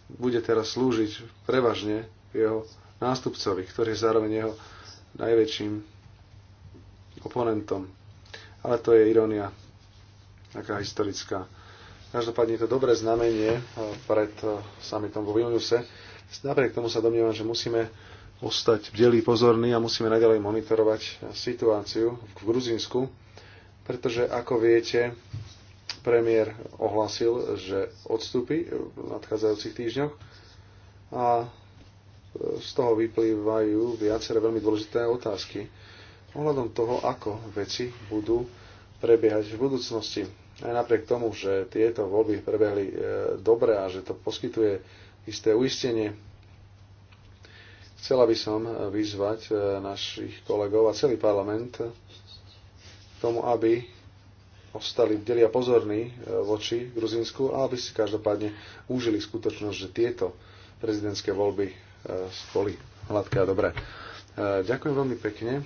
bude teraz slúžiť prevažne jeho nástupcovi, ktorý je zároveň jeho najväčším oponentom. Ale to je irónia, taká historická. Každopádne je to dobré znamenie eh, pred eh, samitom vo Vilniuse. Napriek tomu sa domnievam, že musíme ostať bdelí pozorní a musíme naďalej monitorovať eh, situáciu v Gruzínsku, pretože ako viete, premiér ohlásil, že odstúpi v nadchádzajúcich týždňoch a z toho vyplývajú viaceré veľmi dôležité otázky ohľadom toho, ako veci budú prebiehať v budúcnosti aj napriek tomu, že tieto voľby prebehli e, dobre a že to poskytuje isté uistenie, chcela by som e, vyzvať e, našich kolegov a celý parlament k tomu, aby ostali bdeli a pozorní voči Gruzínsku a aby si každopádne užili skutočnosť, že tieto prezidentské voľby boli hladké a dobré. Ďakujem veľmi pekne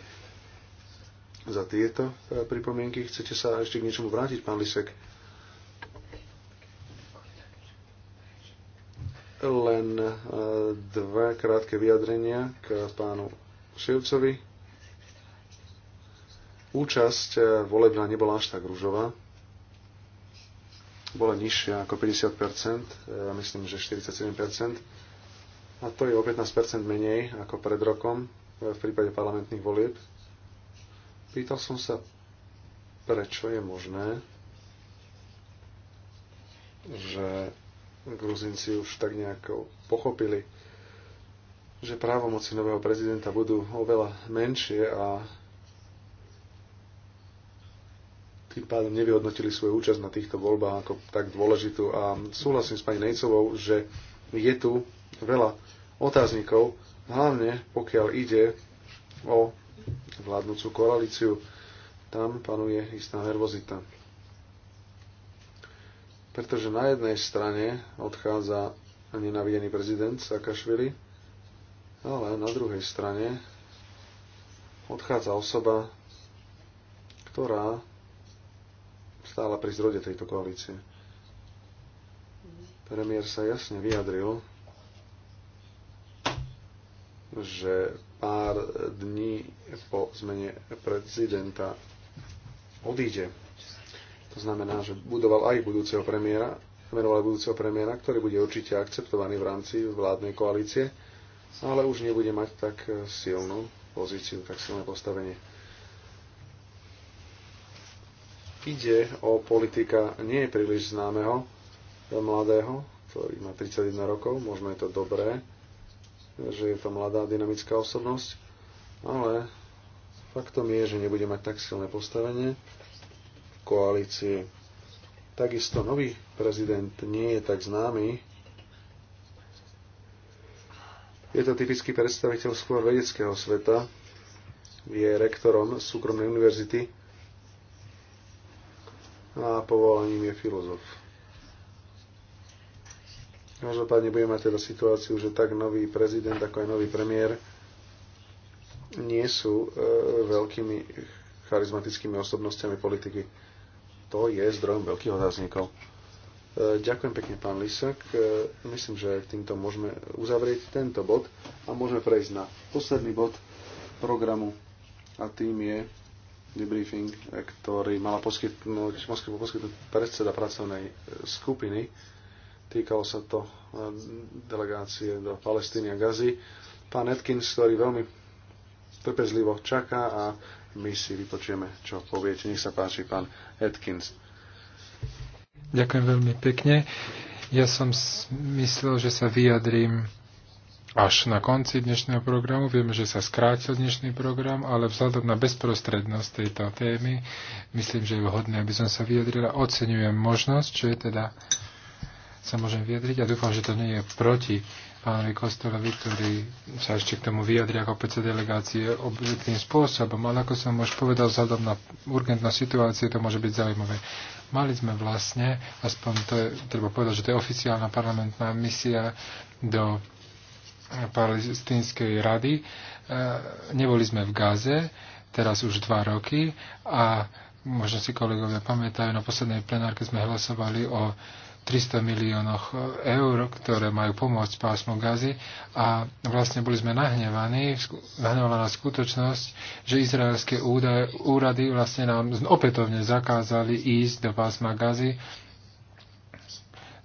za tieto e, pripomienky. Chcete sa ešte k niečomu vrátiť, pán Lisek? Len e, dve krátke vyjadrenia k pánu Ševcovi. Účasť e, volebná nebola až tak rúžová. Bola nižšia ako 50%, ja myslím, že 47%. A to je o 15% menej ako pred rokom v prípade parlamentných volieb. Pýtal som sa, prečo je možné, že Gruzinci už tak nejako pochopili, že právomoci nového prezidenta budú oveľa menšie a tým pádom nevyhodnotili svoju účasť na týchto voľbách ako tak dôležitú. A súhlasím s pani Nejcovou, že je tu veľa otáznikov, hlavne pokiaľ ide o vládnúcu koalíciu. Tam panuje istá nervozita. Pretože na jednej strane odchádza nenavidený prezident Sakašvili, ale na druhej strane odchádza osoba, ktorá stála pri zrode tejto koalície. Premiér sa jasne vyjadril, že pár dní po zmene prezidenta odíde. To znamená, že budoval aj budúceho premiéra, menoval budúceho premiéra, ktorý bude určite akceptovaný v rámci vládnej koalície, ale už nebude mať tak silnú pozíciu, tak silné postavenie. Ide o politika nie príliš známeho, mladého, ktorý má 31 rokov, možno je to dobré, že je to mladá dynamická osobnosť, ale faktom je, že nebude mať tak silné postavenie v koalícii. Takisto nový prezident nie je tak známy. Je to typický predstaviteľ skôr vedeckého sveta. Je rektorom súkromnej univerzity a povolaním je filozof. Každopádne budeme mať teda situáciu, že tak nový prezident, ako aj nový premiér nie sú e, veľkými charizmatickými osobnostiami politiky. To je zdrojom veľkých otáznikov. E, ďakujem pekne, pán Lisak. E, myslím, že týmto môžeme uzavrieť tento bod a môžeme prejsť na posledný bod programu a tým je debriefing, ktorý mala poskytnúť, poskytnúť predseda pracovnej e, skupiny Týkalo sa to e, delegácie do Palestíny a Gazy. Pán Atkins, ktorý veľmi trpezlivo čaká a my si vypočujeme, čo poviete. Nech sa páči, pán Atkins. Ďakujem veľmi pekne. Ja som myslel, že sa vyjadrím až na konci dnešného programu. Vieme, že sa skrátil dnešný program, ale vzhľadom na bezprostrednosť tejto témy, myslím, že je vhodné, aby som sa vyjadrila. Oceňujem možnosť, čo je teda sa môžem vyjadriť a ja dúfam, že to nie je proti pánovi Kostolovi, ktorý sa ešte k tomu vyjadri ako predseda delegácie obvyklým spôsobom, ale ako som už povedal, vzhľadom na urgentnú situáciu to môže byť zaujímavé. Mali sme vlastne, aspoň to je, treba povedať, že to je oficiálna parlamentná misia do palestinskej rady. E, neboli sme v Gaze, teraz už dva roky a možno si kolegovia pamätajú, na poslednej plenárke sme hlasovali o 300 miliónoch eur, ktoré majú pomôcť pásmu gazy a vlastne boli sme nahnevaní, nahnevaná skutočnosť, že izraelské údaje, úrady vlastne nám opätovne zakázali ísť do pásma gazy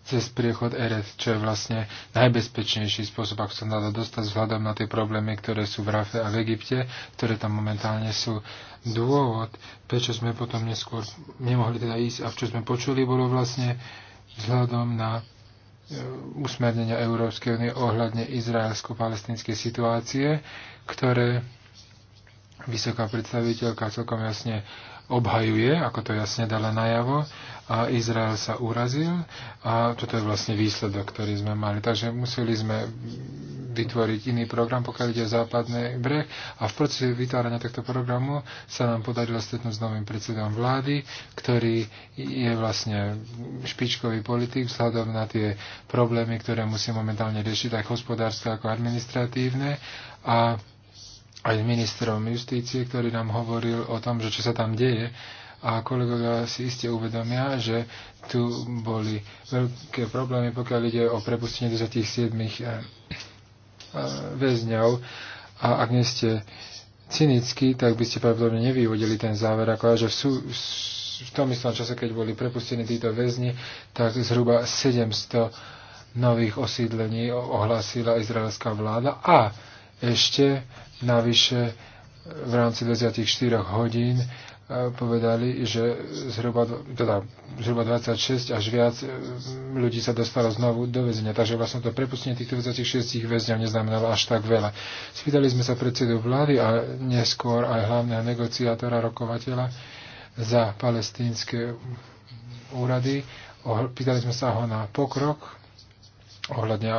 cez priechod Eret, čo je vlastne najbezpečnejší spôsob, ako sa dá dostať vzhľadom na tie problémy, ktoré sú v Rafe a v Egypte, ktoré tam momentálne sú. Dôvod, prečo sme potom neskôr nemohli teda ísť a čo sme počuli, bolo vlastne vzhľadom na e, usmernenia Európskej únie ohľadne izraelsko-palestinskej situácie, ktoré vysoká predstaviteľka celkom jasne obhajuje, ako to jasne dala najavo, a Izrael sa urazil a toto je vlastne výsledok, ktorý sme mali. Takže museli sme vytvoriť iný program, pokiaľ ide o západný breh. A v procese vytvárania tohto programu sa nám podarilo stretnúť s novým predsedom vlády, ktorý je vlastne špičkový politik vzhľadom na tie problémy, ktoré musí momentálne riešiť tak hospodárske ako administratívne. A aj ministrom justície, ktorý nám hovoril o tom, že čo sa tam deje. A kolegovia si iste uvedomia, že tu boli veľké problémy, pokiaľ ide o prepustenie 27 väzňov a ak nie ste cynickí, tak by ste pravdepodobne nevyvodili ten záver, ako že v, sú, v tom istom čase, keď boli prepustení títo väzni, tak zhruba 700 nových osídlení ohlásila izraelská vláda a ešte navyše v rámci 24 hodín povedali, že zhruba, teda, zhruba 26 až viac e, ľudí sa dostalo znovu do väzenia. Takže vlastne to prepustenie týchto 26 väzňov neznamenalo až tak veľa. Spýtali sme sa predsedu vlády a neskôr aj hlavného negociátora, rokovateľa za palestínske úrady. Pýtali sme sa ho na pokrok ohľadne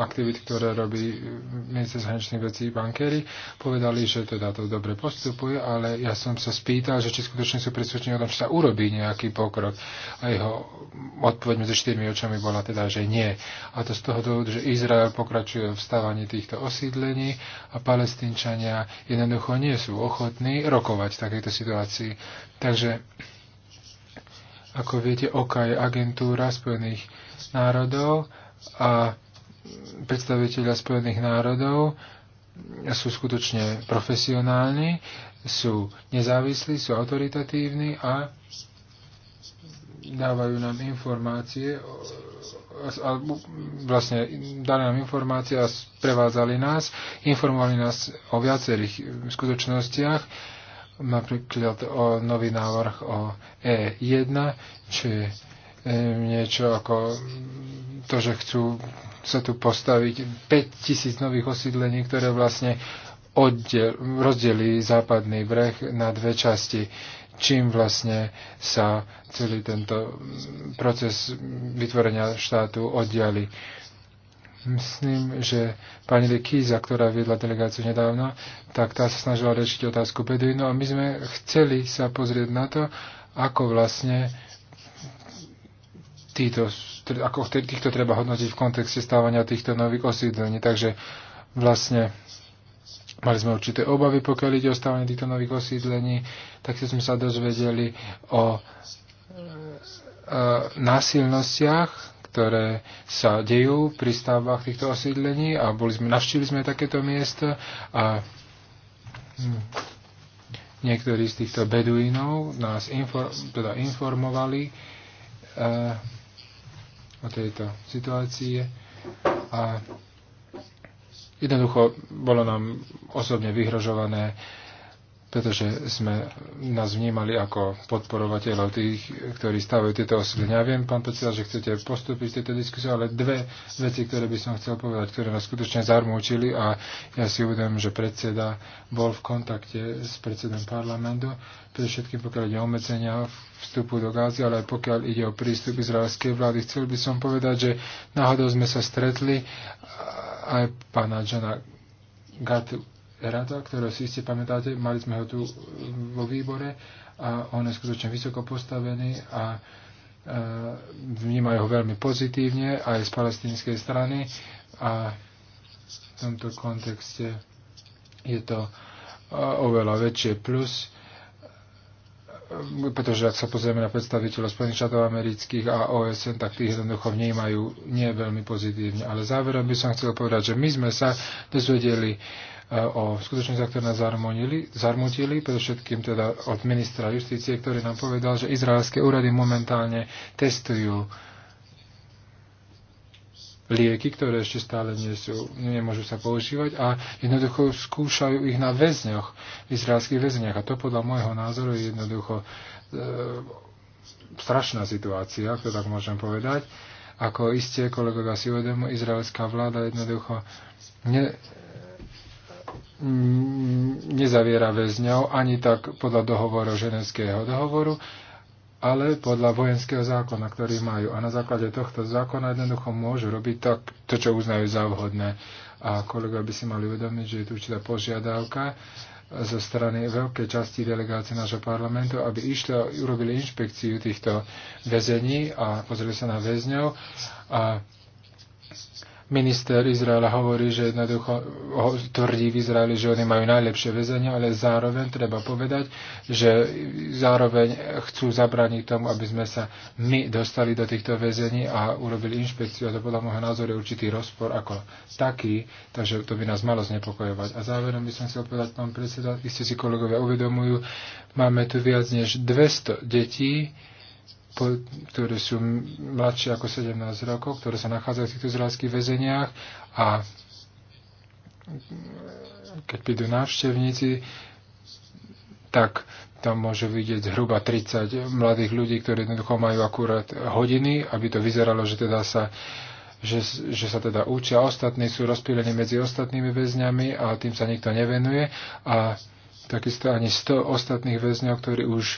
aktivít, ktoré robí minister zahraničných vecí bankéry, povedali, že teda to dobre postupuje, ale ja som sa spýtal, že či skutočne sú presvedčení o tom, či sa urobí nejaký pokrok. A jeho odpoveď medzi štyrmi očami bola teda, že nie. A to z toho dôvodu, že Izrael pokračuje v stávaní týchto osídlení a palestínčania jednoducho nie sú ochotní rokovať v takejto situácii. Takže, ako viete, OKA je agentúra Spojených národov, a predstaviteľa Spojených národov sú skutočne profesionálni, sú nezávislí, sú autoritatívni a dávajú nám informácie, alebo vlastne dali nám informácie a prevádzali nás, informovali nás o viacerých skutočnostiach, napríklad o nový návrh o E1, čo je niečo ako to, že chcú sa tu postaviť 5000 nových osídlení, ktoré vlastne oddel, rozdelí západný breh na dve časti čím vlastne sa celý tento proces vytvorenia štátu oddiali. Myslím, že pani Likíza, ktorá viedla delegáciu nedávno, tak tá sa snažila riešiť otázku Beduínu a my sme chceli sa pozrieť na to, ako vlastne týchto, ako týchto treba hodnotiť v kontexte stávania týchto nových osídlení. Takže vlastne Mali sme určité obavy, pokiaľ ide o stávanie týchto nových osídlení, tak sme sa dozvedeli o e, e, násilnostiach, ktoré sa dejú pri stavbách týchto osídlení a boli sme, navštívili sme takéto miesto a hm, niektorí z týchto beduínov nás inform, teda informovali, e, o tejto situácii a jednoducho bolo nám osobne vyhrožované pretože sme nás vnímali ako podporovateľov tých, ktorí stavajú tieto osvetlenia. Ja viem, pán predseda, že chcete postúpiť z tejto diskusie, ale dve veci, ktoré by som chcel povedať, ktoré nás skutočne zarmúčili a ja si uvedom, že predseda bol v kontakte s predsedom parlamentu, všetkým pokiaľ ide o obmedzenia vstupu do Gázy, ale aj pokiaľ ide o prístup izraelskej vlády. Chcel by som povedať, že náhodou sme sa stretli aj pána Johna Gatu Rada, ktorého si ste pamätáte, mali sme ho tu e, vo výbore a on je skutočne vysoko postavený a e, vnímajú ho veľmi pozitívne aj z palestinskej strany a v tomto kontexte je to e, oveľa väčšie plus pretože ak sa pozrieme na predstaviteľov Spojených štátov amerických a OSN, tak tých jednoducho vnímajú nie veľmi pozitívne. Ale záverom by som chcel povedať, že my sme sa dozvedeli e, o skutočnosti, ktoré nás zarmutili, predovšetkým teda od ministra justície, ktorý nám povedal, že izraelské úrady momentálne testujú uh, lieky, ktoré ešte stále nie sú, nemôžu sa používať a jednoducho skúšajú ich na väzňoch, izraelských väzniach. A to podľa môjho názoru je jednoducho e, strašná situácia, to tak môžem povedať. Ako isté kolegovia si uvedomujú, izraelská vláda jednoducho ne, nezaviera väzňov ani tak podľa dohovoru ženevského dohovoru, ale podľa vojenského zákona, ktorý majú. A na základe tohto zákona jednoducho môžu robiť tak, to, čo uznajú za vhodné. A kolega by si mali uvedomiť, že je tu určitá požiadavka zo strany veľkej časti delegácie nášho parlamentu, aby išlo, urobili inšpekciu týchto väzení a pozreli sa na väzňov. A Minister Izraela hovorí, že jednoducho tvrdí v Izraeli, že oni majú najlepšie väzenie, ale zároveň treba povedať, že zároveň chcú zabrániť tomu, aby sme sa my dostali do týchto väzení a urobili inšpekciu. A to podľa môjho názoru je určitý rozpor ako taký, takže to by nás malo znepokojovať. A záverom by som chcel povedať, pán predseda, iste si kolegovia uvedomujú, máme tu viac než 200 detí, ktoré sú mladšie ako 17 rokov, ktoré sa nachádzajú v týchto izraelských väzeniach a keď prídu návštevníci, tak tam môžu vidieť zhruba 30 mladých ľudí, ktorí jednoducho majú akurát hodiny, aby to vyzeralo, že teda sa že, že sa teda učia, ostatní sú rozpílení medzi ostatnými väzňami a tým sa nikto nevenuje a takisto ani 100 ostatných väzňov, ktorí už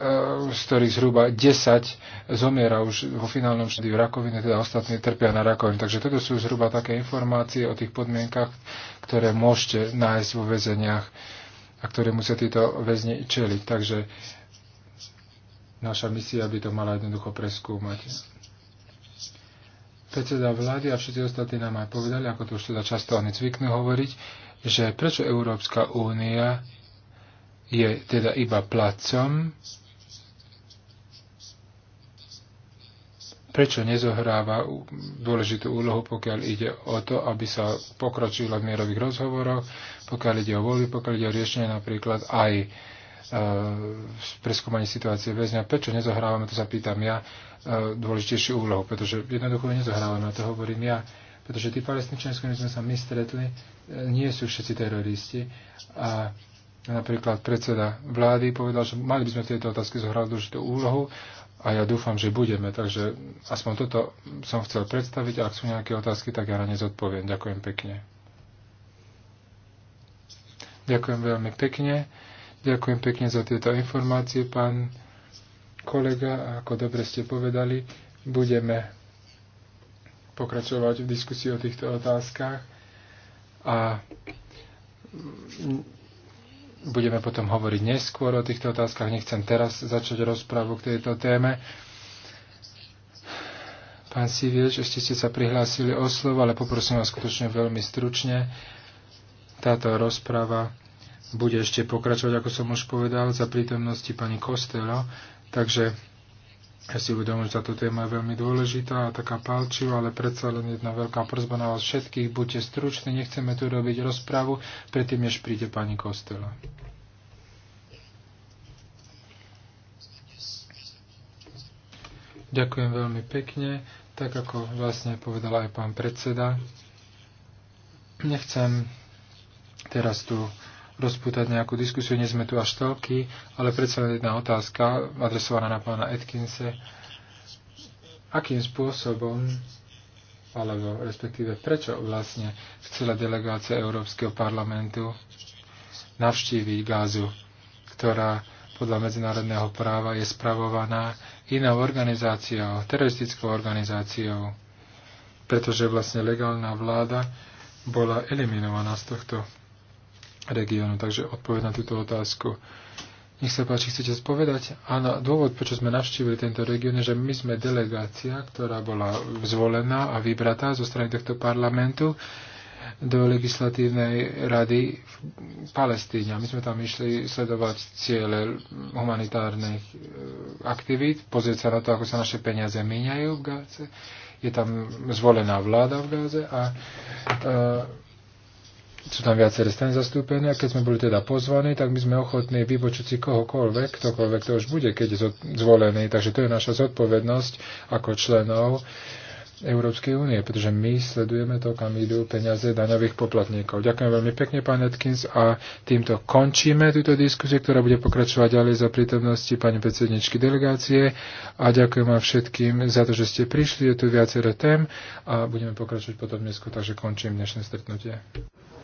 Eh, z ktorých zhruba 10 zomiera už vo finálnom štádiu rakoviny, teda ostatní trpia na rakovinu. Takže toto sú zhruba také informácie o tých podmienkach, ktoré môžete nájsť vo väzeniach a ktoré musia títo väzni čeliť. Takže naša misia by to mala jednoducho preskúmať. Predseda vlády a všetci ostatní nám aj povedali, ako to už teda často oni zvyknú hovoriť, že prečo Európska únia je teda iba placom prečo nezohráva dôležitú úlohu, pokiaľ ide o to, aby sa pokročilo v mierových rozhovoroch, pokiaľ ide o voľby, pokiaľ ide o riešenie napríklad aj e, preskúmanie situácie väzňa. Prečo nezohrávame, to sa pýtam ja, e, dôležitejšiu úlohu, pretože jednoducho nezohrávame, to hovorím ja, pretože tí palestinčania, s ktorými sme sa my stretli, e, nie sú všetci teroristi a Napríklad predseda vlády povedal, že mali by sme v tejto otázke zohrať dôležitú úlohu a ja dúfam, že budeme. Takže aspoň toto som chcel predstaviť a ak sú nejaké otázky, tak ja na ne zodpoviem. Ďakujem pekne. Ďakujem veľmi pekne. Ďakujem pekne za tieto informácie, pán kolega. Ako dobre ste povedali, budeme pokračovať v diskusii o týchto otázkach. A budeme potom hovoriť neskôr o týchto otázkach. Nechcem teraz začať rozprávu k tejto téme. Pán Sivieš, ešte ste sa prihlásili o slovo, ale poprosím vás skutočne veľmi stručne. Táto rozpráva bude ešte pokračovať, ako som už povedal, za prítomnosti pani Kostelo. Takže ja si uvedomujem, že táto téma je veľmi dôležitá a taká palčivá, ale predsa len jedna veľká prozba na vás všetkých. Buďte struční, nechceme tu robiť rozpravu, predtým, než príde pani Kostela. Ďakujem veľmi pekne, tak ako vlastne povedal aj pán predseda. Nechcem teraz tu rozputať nejakú diskusiu, nie sme tu až toľky, ale predsa jedna otázka adresovaná na pána Atkinse. Akým spôsobom alebo respektíve prečo vlastne chcela delegácia Európskeho parlamentu navštíviť Gázu, ktorá podľa medzinárodného práva je spravovaná inou organizáciou, teroristickou organizáciou, pretože vlastne legálna vláda bola eliminovaná z tohto regiónu. Takže odpoved na túto otázku. Nech sa páči, chcete spovedať? Áno, dôvod, prečo sme navštívili tento región, je, že my sme delegácia, ktorá bola zvolená a vybratá zo strany tohto parlamentu do legislatívnej rady v Palestíne. My sme tam išli sledovať ciele humanitárnych e, aktivít, pozrieť sa na to, ako sa naše peniaze míňajú v Gáze. Je tam zvolená vláda v Gáze a e, sú tam viaceré strany zastúpené a keď sme boli teda pozvaní, tak my sme ochotní vypočuť si kohokoľvek, ktokoľvek to už bude, keď je zvolený. Takže to je naša zodpovednosť ako členov Európskej únie, pretože my sledujeme to, kam idú peniaze daňových poplatníkov. Ďakujem veľmi pekne, pán Atkins, a týmto končíme túto diskusiu, ktorá bude pokračovať ďalej za prítomnosti pani predsedničky delegácie a ďakujem vám všetkým za to, že ste prišli, je tu viacero tém a budeme pokračovať potom dnesku, takže končím dnešné stretnutie.